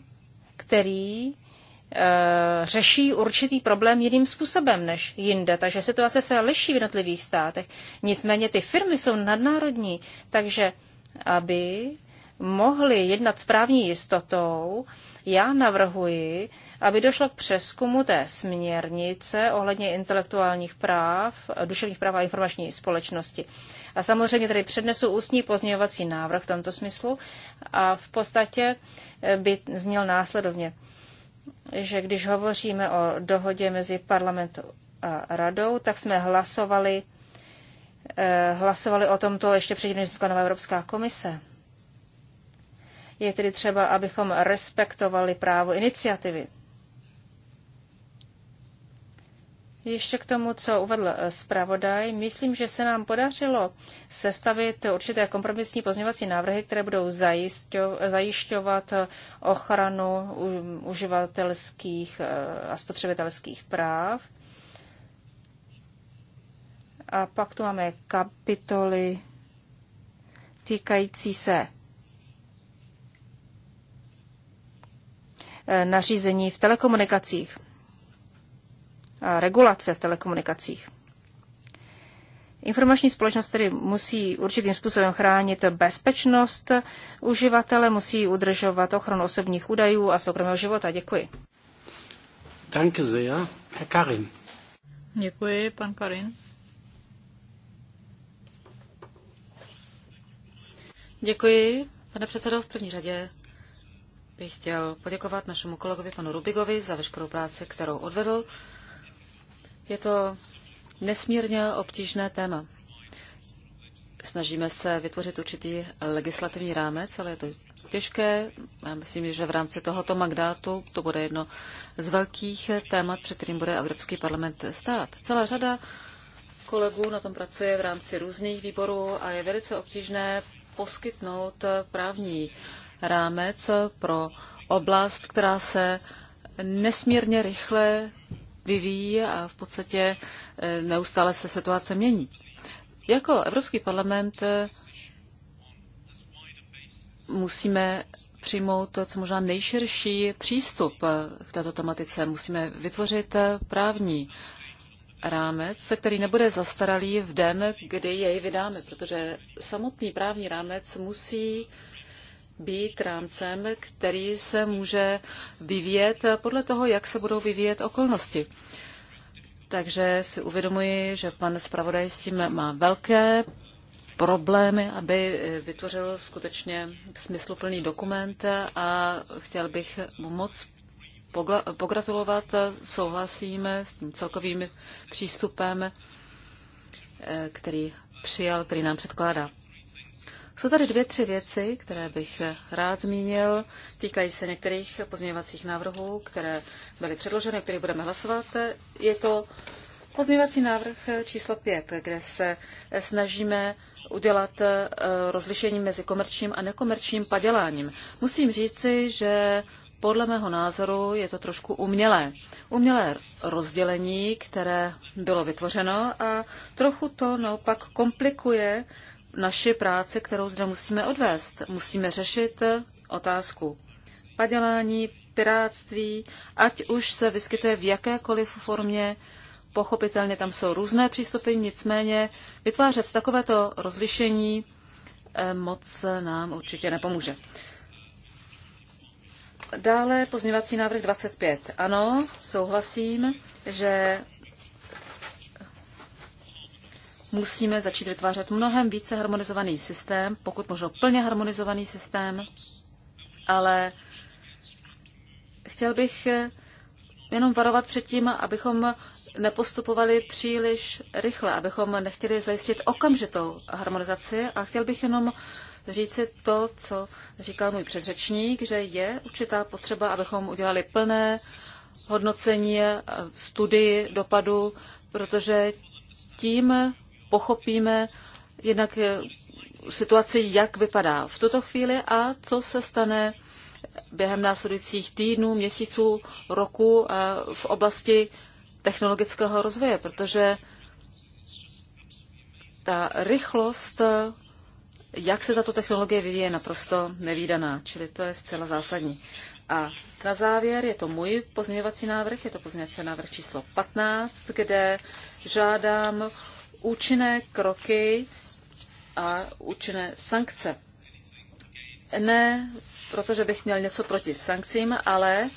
který eh, řeší určitý problém jiným způsobem než jinde. Takže situace se liší v jednotlivých státech. Nicméně ty firmy jsou nadnárodní, takže aby mohli jednat s právní jistotou, já navrhuji, aby došlo k přeskumu té směrnice ohledně intelektuálních práv, duševních práv a informační společnosti. A samozřejmě tady přednesu ústní pozměňovací návrh v tomto smyslu a v podstatě eh, by zněl následovně, že když hovoříme o dohodě mezi parlamentem a radou, tak jsme hlasovali eh, hlasovali o tomto ještě předtím, než vznikla nová Evropská komise. Je tedy třeba, abychom respektovali právo iniciativy. Ještě k tomu, co uvedl eh, zpravodaj, myslím, že se nám podařilo sestavit určité kompromisní pozměňovací návrhy, které budou zajišťovat eh, ochranu uživatelských eh, a spotřebitelských práv. A pak tu máme kapitoly týkající se nařízení v telekomunikacích regulace v telekomunikacích. Informační společnost tedy musí určitým způsobem chránit bezpečnost uživatele, musí udržovat ochranu osobních údajů a soukromého života. Děkuji. Danke sehr, Herr Karin. Děkuji, pan Karin. Děkuji, pane předsedo. V první řadě bych chtěl poděkovat našemu kolegovi panu Rubigovi za veškerou práci, kterou odvedl. Je to nesmírně obtížné téma. Snažíme se vytvořit určitý legislativní rámec, ale je to těžké. Já myslím, že v rámci tohoto mandátu to bude jedno z velkých témat, před kterým bude Evropský parlament stát. Celá řada kolegů na tom pracuje v rámci různých výborů a je velice obtížné poskytnout právní rámec pro oblast, která se nesmírně rychle vyvíjí a v podstatě e, neustále se situace mění. Jako Evropský parlament e, musíme přijmout to, co možná nejširší přístup e, k této tematice. Musíme vytvořit právní rámec, který nebude zastaralý v den, kdy jej vydáme, protože samotný právní rámec musí být rámcem, který se může vyvíjet podle toho, jak se budou vyvíjet okolnosti. Takže si uvědomuji, že pan zpravodaj s tím má velké problémy, aby vytvořil skutečně smysluplný dokument a chtěl bych mu moc pogratulovat. Souhlasíme s tím celkovým přístupem, eh, který přijal, který nám předkládá. Jsou tady dvě, tři věci, které bych rád zmínil. Týkají se některých pozměňovacích návrhů, které byly předloženy, které budeme hlasovat. Je to pozměňovací návrh číslo 5, kde se snažíme udělat eh, rozlišení mezi komerčním a nekomerčním paděláním. Musím říci, že podle mého názoru je to trošku umělé. Umělé rozdělení, které bylo vytvořeno a trochu to naopak komplikuje naši práci, kterou zde musíme odvést. Musíme řešit otázku padělání, piráctví, ať už se vyskytuje v jakékoliv formě, pochopitelně tam jsou různé přístupy, nicméně vytvářet takovéto rozlišení eh, moc nám určitě nepomůže. Dále pozněvací návrh 25. Ano, souhlasím, že musíme začít vytvářet mnohem více harmonizovaný systém, pokud možno plně harmonizovaný systém, ale chtěl bych jenom varovat před tím, abychom nepostupovali příliš rychle, abychom nechtěli zajistit okamžitou harmonizaci a chtěl bych jenom říci to, co říkal můj předřečník, že je určitá potřeba, abychom udělali plné hodnocení, studii dopadu, protože tím pochopíme jednak eh, situaci, jak vypadá v tuto chvíli a co se stane během následujících týdnů, měsíců, roku eh, v oblasti technologického rozvoje, protože ta rychlost, eh, jak se tato technologie vyvíje, je naprosto nevýdaná, čili to je zcela zásadní. A na závěr je to můj pozměňovací návrh, je to pozměňovací návrh číslo 15, kde žádám účinné kroky a účinné sankce. Ne protože bych měl něco proti sankcím, ale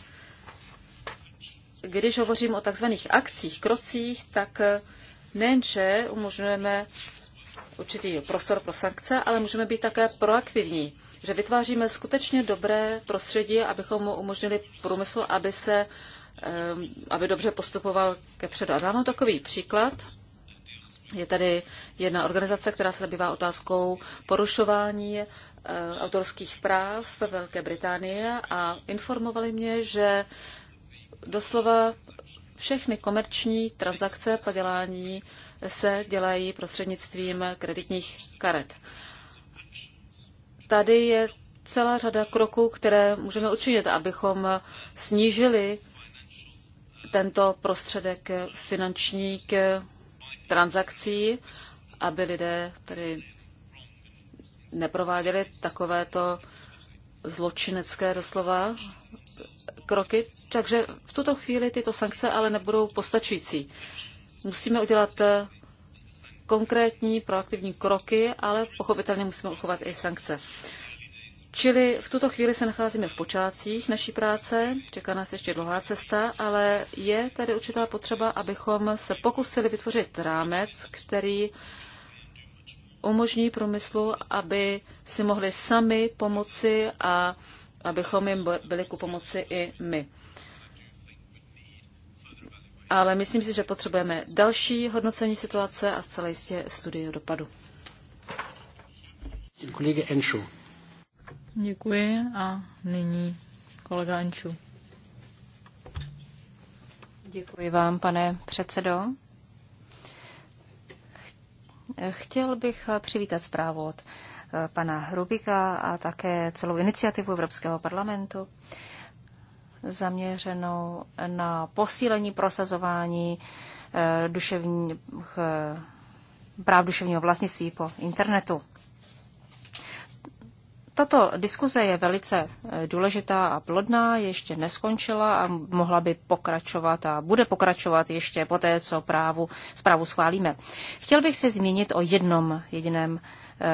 když hovořím o takzvaných akcích, krocích, tak nejenže umožňujeme určitý prostor pro sankce, ale můžeme být také proaktivní, že vytváříme skutečně dobré prostředí, abychom umožnili průmysl, aby se eh, aby dobře postupoval ke předu. A dám takový příklad. Je tady jedna organizace, která se zabývá otázkou porušování eh, autorských práv ve Velké Británii a informovali mě, že doslova všechny komerční transakce padělání se dělají prostřednictvím kreditních karet. Tady je celá řada kroků, které můžeme učinit, abychom snížili tento prostředek finanční k transakcí, aby lidé tedy neprováděli takovéto zločinecké doslova kroky. Takže v tuto chvíli tyto sankce ale nebudou postačující. Musíme udělat eh, konkrétní proaktivní kroky, ale pochopitelně musíme uchovat i sankce. Čili v tuto chvíli se nacházíme v počátcích naší práce, čeká nás ještě dlouhá cesta, ale je tady určitá potřeba, abychom se pokusili vytvořit rámec, který umožní průmyslu, aby si mohli sami pomoci a abychom jim byli ku pomoci i my. Ale myslím si, že potřebujeme další hodnocení situace a zcela jistě studii dopadu. Kolega Enšu. Děkuji a nyní kolega Anču. Děkuji vám, pane předsedo. Chtěl bych přivítat zprávu od eh, pana Hrubika a také celou iniciativu Evropského parlamentu zaměřenou na posílení prosazování eh, duševních, eh, práv duševního vlastnictví po internetu. Tato diskuze je velice eh, důležitá a plodná, ještě neskončila a mohla by pokračovat a bude pokračovat ještě po té, co právu, zprávu schválíme. Chtěl bych se zmínit o jednom jediném eh,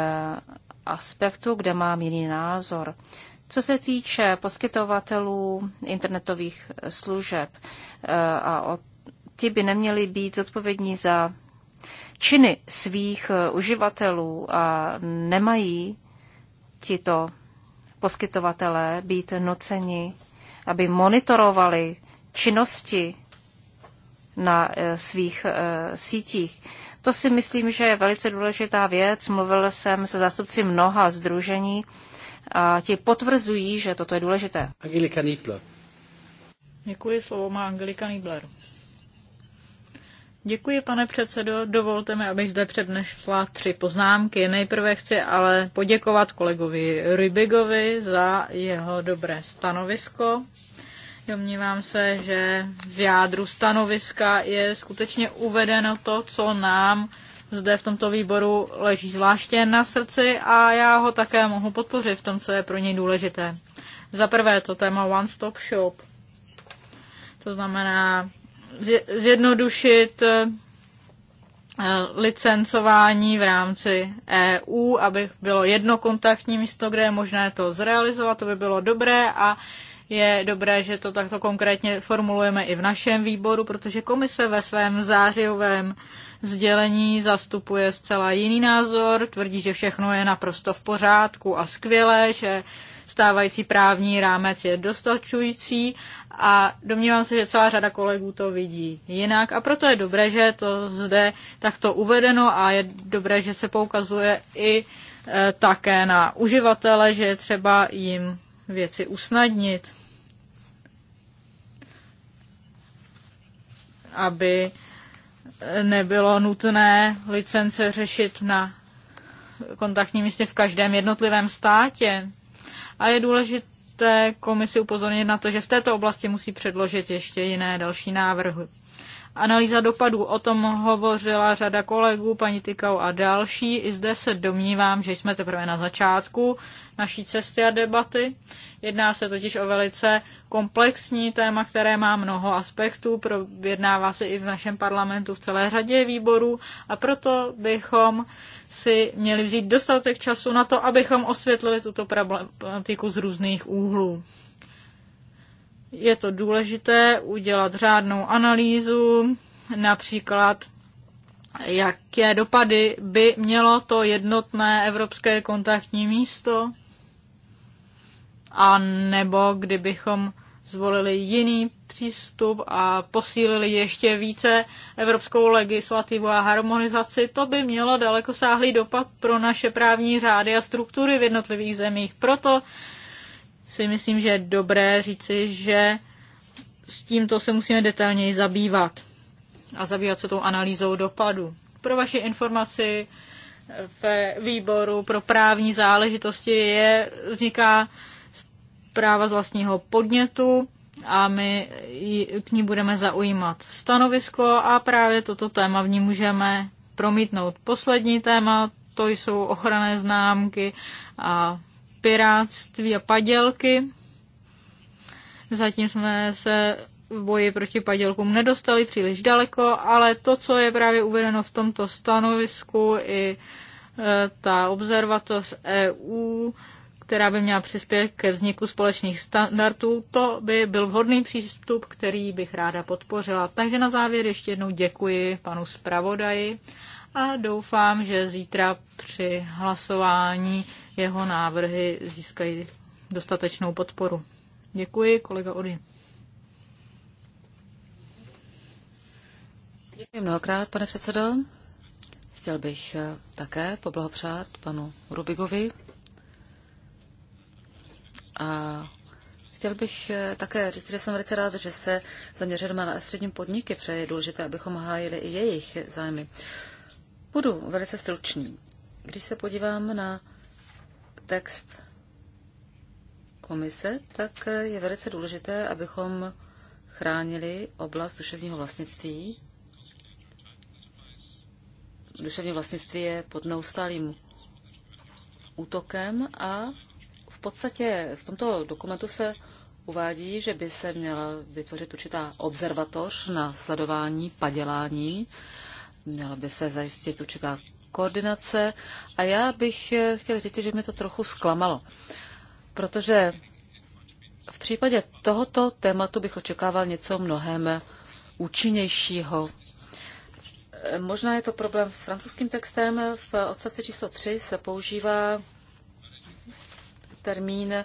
aspektu, kde mám jiný názor. Co se týče poskytovatelů internetových eh, služeb, eh, a o, ti by neměli být zodpovědní za činy svých eh, uživatelů a nemají tito poskytovatelé být noceni, aby monitorovali činnosti na eh, svých eh, sítích. To si myslím, že je velice důležitá věc. Mluvil jsem se zástupci mnoha združení a ti potvrzují, že toto je důležité. Angelika Nýpler. Děkuji, slovo má Angelika Niebler. Děkuji, pane předsedo. Dovolte mi, abych zde přednesla tři poznámky. Nejprve chci ale poděkovat kolegovi Rybigovi za jeho dobré stanovisko. Domnívám se, že v jádru stanoviska je skutečně uvedeno to, co nám zde v tomto výboru leží zvláště na srdci a já ho také mohu podpořit v tom, co je pro něj důležité. Za prvé to téma One Stop Shop. To znamená zjednodušit eh, licencování v rámci EU, aby bylo jedno kontaktní místo, kde je možné to zrealizovat, to by bylo dobré a je dobré, že to takto konkrétně formulujeme i v našem výboru, protože komise ve svém zářivém sdělení zastupuje zcela jiný názor, tvrdí, že všechno je naprosto v pořádku a skvělé, že stávající právní rámec je dostačující a domnívám se, že celá řada kolegů to vidí jinak a proto je dobré, že je to zde takto uvedeno a je dobré, že se poukazuje i e, také na uživatele, že je třeba jim věci usnadnit, aby nebylo nutné licence řešit na kontaktním místě v každém jednotlivém státě. A je důležité té komisi upozornit na to, že v této oblasti musí předložit ještě jiné další návrhy. Analýza dopadů, o tom hovořila řada kolegů, paní Tykau a další. I zde se domnívám, že jsme teprve na začátku naší cesty a debaty. Jedná se totiž o velice komplexní téma, které má mnoho aspektů, jednává se i v našem parlamentu v celé řadě výborů a proto bychom si měli vzít dostatek času na to, abychom osvětlili tuto problematiku z různých úhlů je to důležité udělat řádnou analýzu, například jaké dopady by mělo to jednotné evropské kontaktní místo, a nebo kdybychom zvolili jiný přístup a posílili ještě více evropskou legislativu a harmonizaci, to by mělo dalekosáhlý dopad pro naše právní řády a struktury v jednotlivých zemích. Proto si myslím, že je dobré říci, že s tímto se musíme detailněji zabývat a zabývat se tou analýzou dopadu. Pro vaši informaci ve výboru pro právní záležitosti je, vzniká práva z vlastního podnětu a my k ní budeme zaujímat stanovisko a právě toto téma v ní můžeme promítnout. Poslední téma, to jsou ochranné známky a piráctví a padělky. Zatím jsme se v boji proti padělkům nedostali příliš daleko, ale to, co je právě uvedeno v tomto stanovisku, i e, ta observatoř EU, která by měla přispět ke vzniku společných standardů, to by byl vhodný přístup, který bych ráda podpořila. Takže na závěr ještě jednou děkuji panu zpravodaji a doufám, že zítra při hlasování jeho návrhy získají dostatečnou podporu. Děkuji, kolega Ody. Děkuji mnohokrát, pane předsedo. Chtěl bych eh, také poblahopřát panu Rubigovi. A chtěl bych eh, také říct, že jsem velice rád, že se zaměřujeme na střední podniky, protože je důležité, abychom hájili i jejich zájmy. Budu velice stručný. Když se podívám na text komise, tak je velice důležité, abychom chránili oblast duševního vlastnictví. Duševní vlastnictví je pod neustálým útokem a v podstatě v tomto dokumentu se uvádí, že by se měla vytvořit určitá observatoř na sledování padělání, měla by se zajistit určitá koordinace a já bych chtěl říct, že mě to trochu zklamalo, protože v případě tohoto tématu bych očekával něco mnohem účinnějšího. Možná je to problém s francouzským textem. V odstavci číslo 3 se používá termín,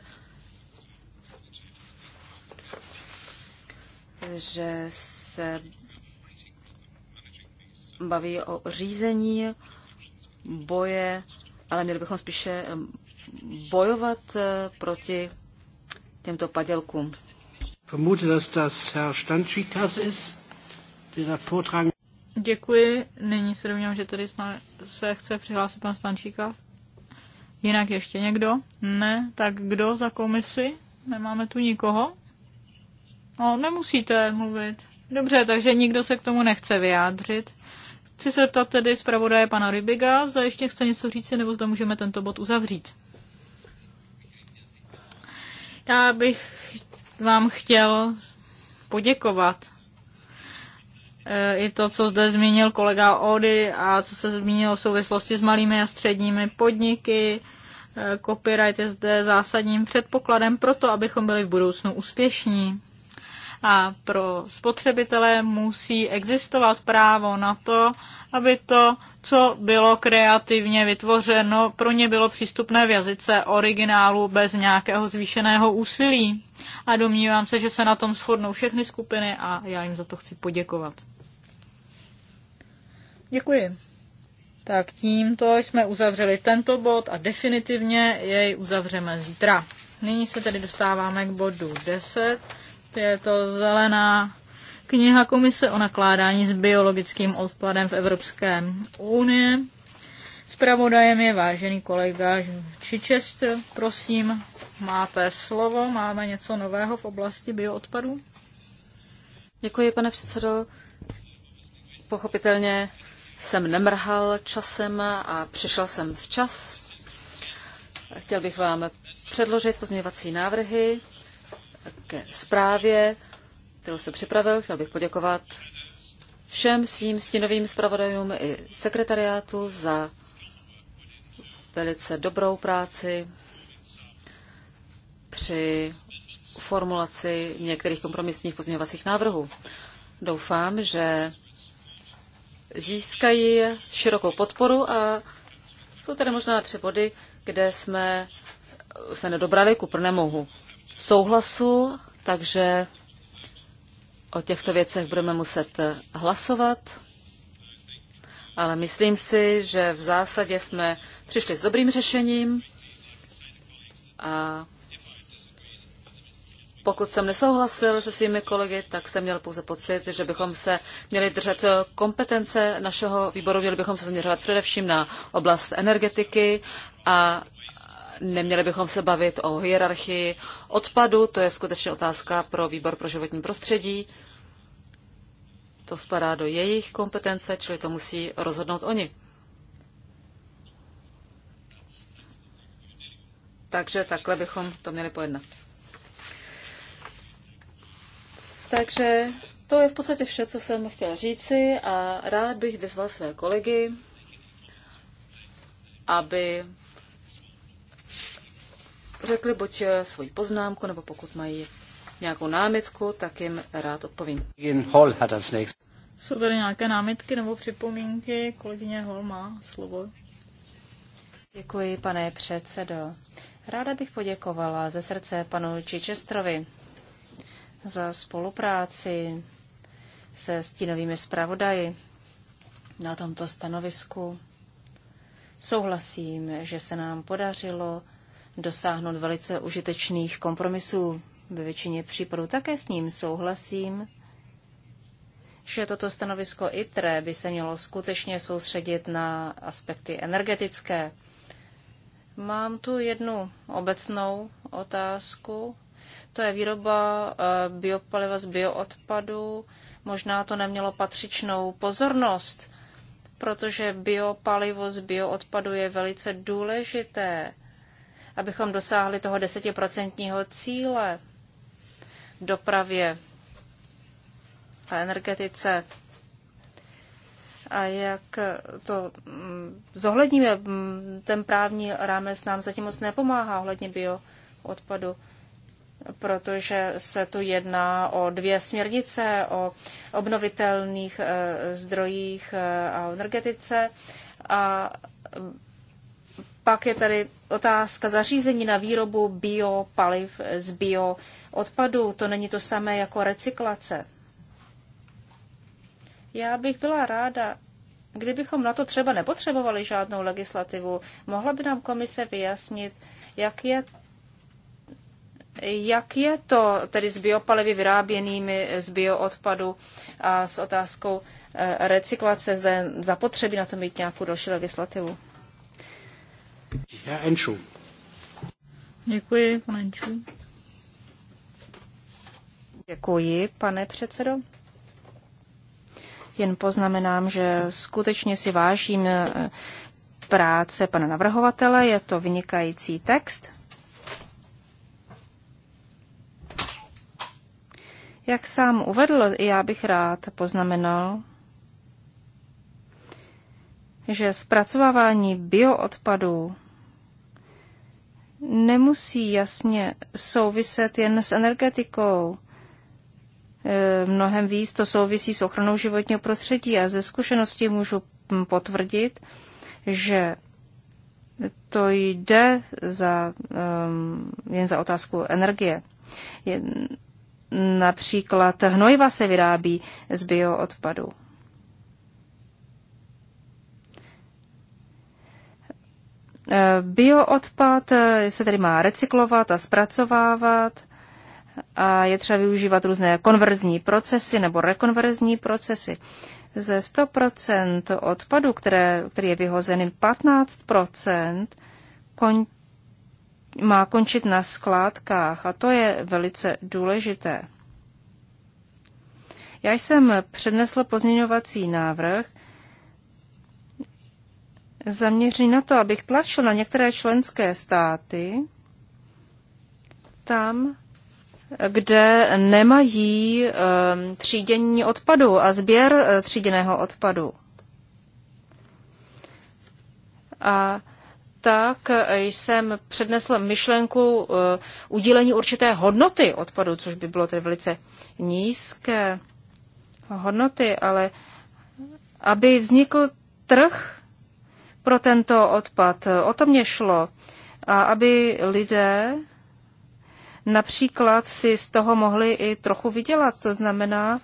že se baví o řízení boje, ale měli bychom spíše bojovat eh, proti těmto padělkům. Vermute, dass das Herr Stančikas ist, der Děkuji. Nyní se domnívám, že tady se chce přihlásit pan Stančíkas. Jinak ještě někdo? Ne. Tak kdo za komisi? Nemáme tu nikoho? No, nemusíte mluvit. Dobře, takže nikdo se k tomu nechce vyjádřit. Chci se zeptat tedy zpravodaje pana Rybiga, zda ještě chce něco říci, nebo zda můžeme tento bod uzavřít. Já bych vám chtěl poděkovat. Eh, I to, co zde zmínil kolega Ody a co se zmínilo v souvislosti s malými a středními podniky, eh, copyright je zde zásadním předpokladem pro to, abychom byli v budoucnu úspěšní. A pro spotřebitele musí existovat právo na to, aby to, co bylo kreativně vytvořeno, pro ně bylo přístupné v jazyce originálu bez nějakého zvýšeného úsilí. A domnívám se, že se na tom shodnou všechny skupiny a já jim za to chci poděkovat. Děkuji. Tak tímto jsme uzavřeli tento bod a definitivně jej uzavřeme zítra. Nyní se tedy dostáváme k bodu 10 je to zelená kniha Komise o nakládání s biologickým odpadem v Evropské unii. Spravodajem je vážený kolega Čičestr. Prosím, máte slovo. Máme něco nového v oblasti bioodpadu? Děkuji, pane předsedo. Pochopitelně jsem nemrhal časem a přišel jsem včas. Chtěl bych vám předložit pozměňovací návrhy ke zprávě, kterou se připravil. Chtěl bych poděkovat všem svým stínovým zpravodajům i sekretariátu za velice dobrou práci při formulaci některých kompromisních pozměňovacích návrhů. Doufám, že získají širokou podporu a jsou tady možná tři body, kde jsme se nedobrali ku prnemohu souhlasu, takže o těchto věcech budeme muset hlasovat. Ale myslím si, že v zásadě jsme přišli s dobrým řešením a pokud jsem nesouhlasil se svými kolegy, tak jsem měl pouze pocit, že bychom se měli držet kompetence našeho výboru, měli bychom se zaměřovat především na oblast energetiky a Neměli bychom se bavit o hierarchii odpadu, to je skutečně otázka pro výbor pro životní prostředí. To spadá do jejich kompetence, čili to musí rozhodnout oni. Takže takhle bychom to měli pojednat. Takže to je v podstatě vše, co jsem chtěla říci a rád bych vyzval své kolegy, aby řekli buď eh, svoji poznámku, nebo pokud mají nějakou námitku, tak jim rád odpovím. Jsou tady nějaké námitky nebo připomínky? Kolegyně Hol má slovo. Děkuji, pane předsedo. Ráda bych poděkovala ze srdce panu Čičestrovi za spolupráci se stínovými zpravodaji na tomto stanovisku. Souhlasím, že se nám podařilo dosáhnout velice užitečných kompromisů ve většině případů. Také s ním souhlasím, že toto stanovisko ITRE by se mělo skutečně soustředit na aspekty energetické. Mám tu jednu obecnou otázku. To je výroba eh, biopaliva z bioodpadu. Možná to nemělo patřičnou pozornost, protože biopalivo z bioodpadu je velice důležité abychom dosáhli toho desetiprocentního cíle v dopravě a energetice. A jak to mm, zohledníme, mm, ten právní rámec nám zatím moc nepomáhá ohledně bioodpadu protože se tu jedná o dvě směrnice, o obnovitelných eh, zdrojích eh, a energetice. A mm, pak je tady otázka zařízení na výrobu biopaliv z bioodpadu. To není to samé jako recyklace. Já bych byla ráda, kdybychom na to třeba nepotřebovali žádnou legislativu. Mohla by nám komise vyjasnit, jak je jak je to tedy s biopalivy vyráběnými z bioodpadu a s otázkou eh, recyklace zde zapotřebí na to mít nějakou další legislativu? Děkuji, pane Enšu. Děkuji, pane předsedo. Jen poznamenám, že skutečně si vážím eh, práce pana navrhovatele, je to vynikající text. Jak sám uvedl, já bych rád poznamenal, že zpracovávání bioodpadů nemusí jasně souviset jen s energetikou. E, mnohem víc to souvisí s ochranou životního prostředí a ze zkušenosti můžu potvrdit, že to jde za, jen za otázku energie. například hnojiva se vyrábí z bioodpadu. Eh, bioodpad eh, se tedy má recyklovat a zpracovávat a je třeba využívat různé konverzní procesy nebo rekonverzní procesy. Ze 100% odpadu, které, který je vyhozen, 15% kon, má končit na skládkách a to je velice důležité. Já jsem přednesl pozměňovací návrh, zaměří na to, abych tlačil na některé členské státy tam, kde nemají ehm, třídění odpadu a sběr eh, tříděného odpadu. A tak eh, jsem přednesl myšlenku eh, udílení určité hodnoty odpadu, což by bylo tedy velice nízké hodnoty, ale aby vznikl trh pro tento odpad. O to mě šlo. A aby lidé například si z toho mohli i trochu vydělat. To znamená,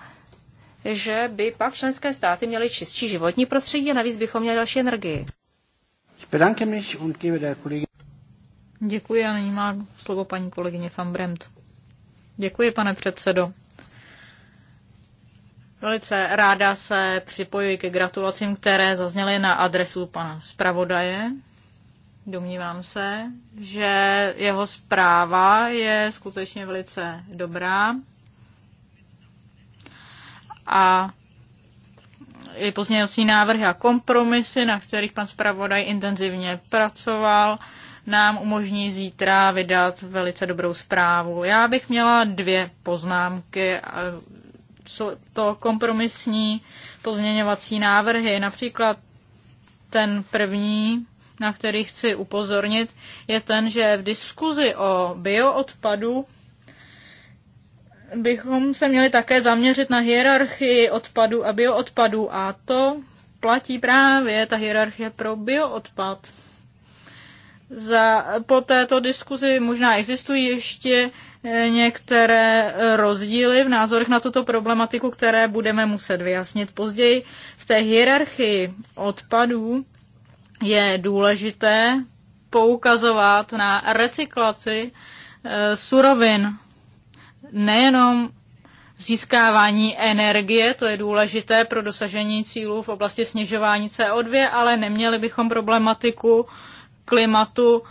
že by pak členské státy měly čistší životní prostředí a navíc bychom měli další energii. Děkuji a nyní má slovo paní kolegyně van Děkuji, pane předsedo. Velice ráda se připojuji ke gratulacím, které zazněly na adresu pana zpravodaje. Domnívám se, že jeho zpráva je skutečně velice dobrá. A i pozměňovací návrhy a kompromisy, na kterých pan zpravodaj intenzivně pracoval, nám umožní zítra vydat velice dobrou zprávu. Já bych měla dvě poznámky co to kompromisní pozměňovací návrhy. Například ten první, na který chci upozornit, je ten, že v diskuzi o bioodpadu bychom se měli také zaměřit na hierarchii odpadu a bioodpadu a to platí právě ta hierarchie pro bioodpad. Za, po této diskuzi možná existují ještě Eh, některé eh, rozdíly v názorech na tuto problematiku, které budeme muset vyjasnit později. V té hierarchii odpadů je důležité poukazovat na recyklaci eh, surovin, nejenom získávání energie, to je důležité pro dosažení cílů v oblasti snižování CO2, ale neměli bychom problematiku klimatu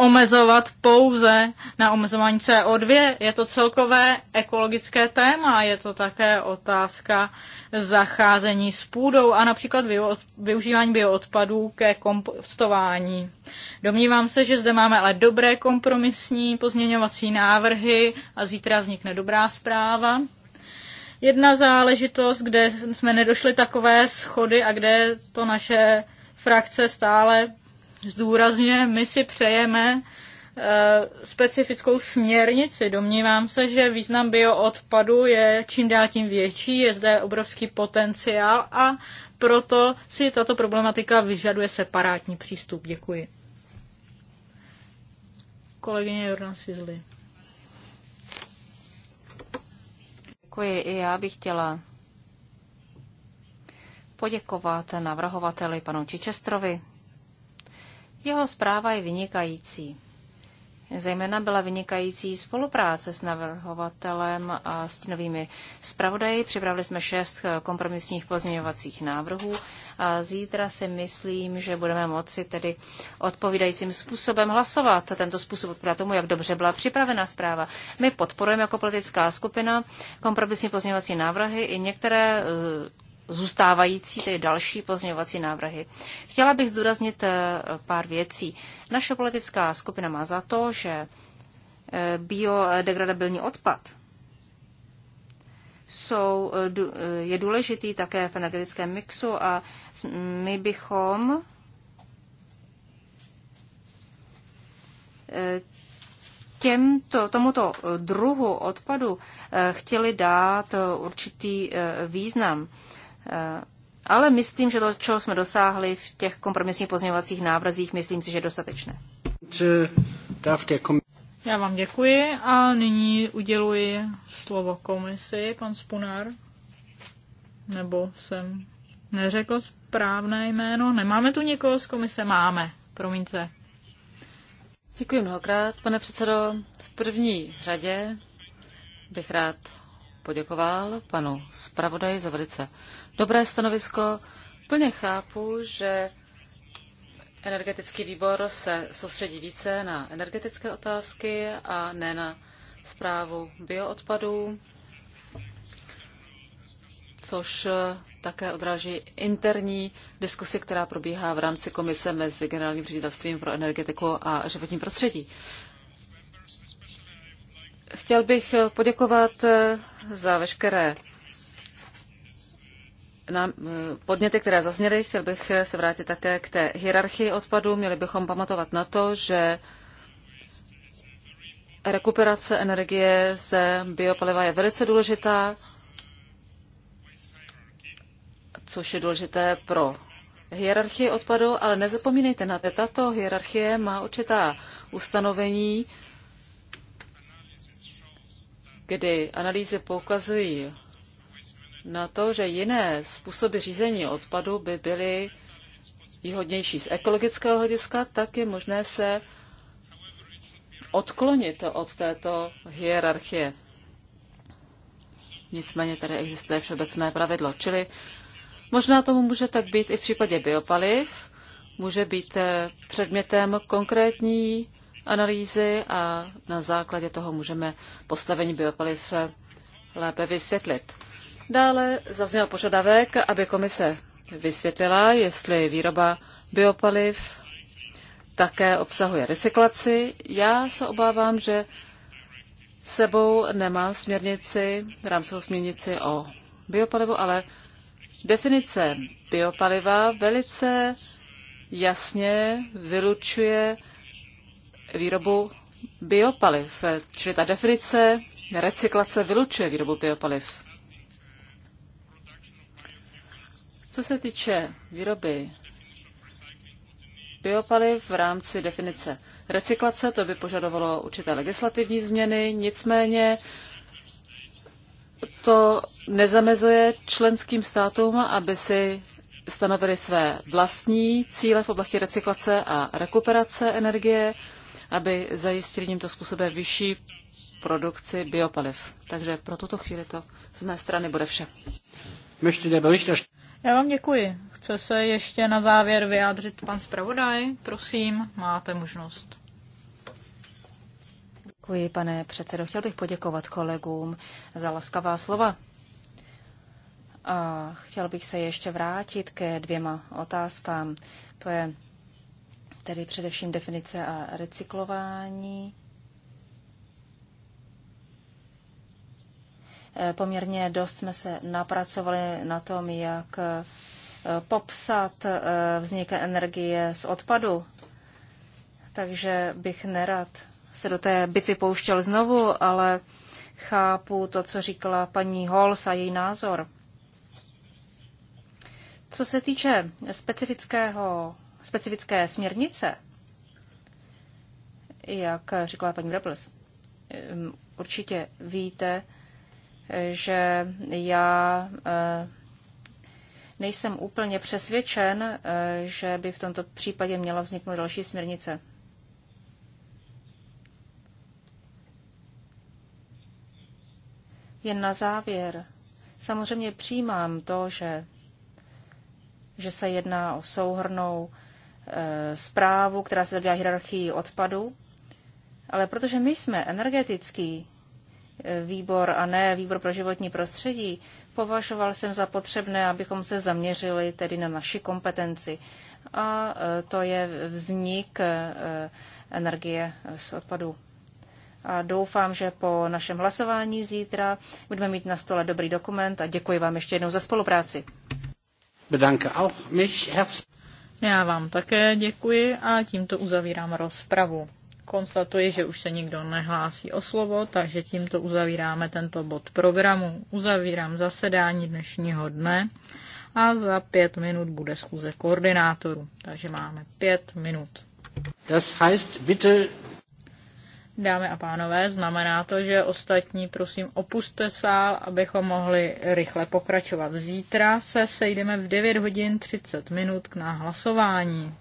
omezovat pouze na omezování CO2. Je to celkové ekologické téma, je to také otázka zacházení s půdou a například využívání bioodpadů ke kompostování. Domnívám se, že zde máme ale dobré kompromisní pozměňovací návrhy a zítra vznikne dobrá zpráva. Jedna záležitost, kde jsme nedošli takové schody a kde to naše frakce stále zdůrazňuje, my si přejeme eh, specifickou směrnici. Domnívám se, že význam bioodpadu je čím dál tím větší, je zde obrovský potenciál a proto si tato problematika vyžaduje separátní přístup. Děkuji. Kolegyně Jordan Sizli. Děkuji. I já bych chtěla poděkovat navrhovateli panu Čičestrovi jeho zpráva je vynikající. Zejména byla vynikající spolupráce s navrhovatelem a novými zpravodaji. Připravili jsme šest kompromisních pozměňovacích návrhů a zítra si myslím, že budeme moci tedy odpovídajícím způsobem hlasovat. Tento způsob odpovídá tomu, jak dobře byla připravena zpráva. My podporujeme jako politická skupina kompromisní pozměňovací návrhy i některé zůstávající, tedy další pozměňovací návrhy. Chtěla bych zdůraznit eh, pár věcí. Naše politická skupina má za to, že eh, biodegradabilní odpad jsou, eh, je důležitý také v energetickém mixu a my bychom těmto, tomuto druhu odpadu chtěli dát určitý význam. Eh, ale myslím, že to, čeho jsme dosáhli v těch kompromisních pozměňovacích návrzích, myslím si, že je dostatečné. Já vám děkuji a nyní uděluji slovo komisi, pan Spunar. Nebo jsem neřekl správné jméno. Nemáme tu někoho z komise? Máme. Promiňte. Děkuji mnohokrát, pane předsedo. V první řadě bych rád poděkoval panu zpravodaji za velice dobré stanovisko. Plně chápu, že energetický výbor se soustředí více na energetické otázky a ne na zprávu bioodpadů, což také odráží interní diskusi, která probíhá v rámci komise mezi Generálním ředitelstvím pro energetiku a životní prostředí. Chtěl bych poděkovat za veškeré na podněty, které zazněly. Chtěl bych eh, se vrátit také k té hierarchii odpadů. Měli bychom pamatovat na to, že rekuperace energie z biopaliva je velice důležitá, což je důležité pro hierarchii odpadu, ale nezapomínejte na to, tato hierarchie má určitá ustanovení, kdy analýzy poukazují na to, že jiné způsoby řízení odpadu by byly výhodnější z ekologického hlediska, tak je možné se odklonit od této hierarchie. Nicméně tady existuje všeobecné pravidlo, čili možná tomu může tak být i v případě biopaliv, může být eh, předmětem konkrétní analýzy a na základě toho můžeme postavení biopaliv eh, lépe vysvětlit. Dále zazněl požadavek, aby komise vysvětlila, jestli výroba biopaliv také obsahuje recyklaci. Já se obávám, že sebou nemá směrnici, rámcovou směrnici o biopalivu, ale definice biopaliva velice jasně vylučuje výrobu biopaliv. Čili ta definice recyklace vylučuje výrobu biopaliv. Co se týče výroby biopaliv v rámci definice recyklace, to by požadovalo určité legislativní změny, nicméně to nezamezuje členským státům, aby si stanovili své vlastní cíle v oblasti recyklace a rekuperace energie, aby zajistili tímto způsobem vyšší produkci biopaliv. Takže pro tuto chvíli to z mé strany bude vše. Já vám děkuji. Chce se ještě na závěr vyjádřit pan zpravodaj? Prosím, máte možnost. Děkuji, pane předsedo. Chtěl bych poděkovat kolegům za laskavá slova. A chtěl bych se ještě vrátit ke dvěma otázkám. To je tedy především definice a recyklování Eh, poměrně dost jsme se napracovali na tom, jak eh, popsat eh, vznik energie z odpadu. Takže bych nerad se do té bitvy pouštěl znovu, ale chápu to, co říkala paní Holz a její názor. Co se týče specifického, specifické směrnice, jak říkala paní Rebels, určitě víte, že já eh, nejsem úplně přesvědčen, eh, že by v tomto případě měla vzniknout další směrnice. Jen na závěr. Samozřejmě přijímám to, že, že se jedná o souhrnou e, zprávu, která se zabývá hierarchii odpadu, ale protože my jsme energetický výbor a ne výbor pro životní prostředí, považoval jsem za potřebné, abychom se zaměřili tedy na naši kompetenci. A e, to je vznik e, energie z odpadů. A doufám, že po našem hlasování zítra budeme mít na stole dobrý dokument a děkuji vám ještě jednou za spolupráci. Bedanke auch mich. Já vám také děkuji a tímto uzavírám rozpravu. Konstatuji, že už se nikdo nehlásí o slovo, takže tímto uzavíráme tento bod programu. Uzavírám zasedání dnešního dne a za pět minut bude schůze koordinátorů, takže máme pět minut. Das heißt, bitte... Dámy a pánové, znamená to, že ostatní prosím opuste sál, abychom mohli rychle pokračovat. Zítra se sejdeme v 9 hodin 30 minut na hlasování.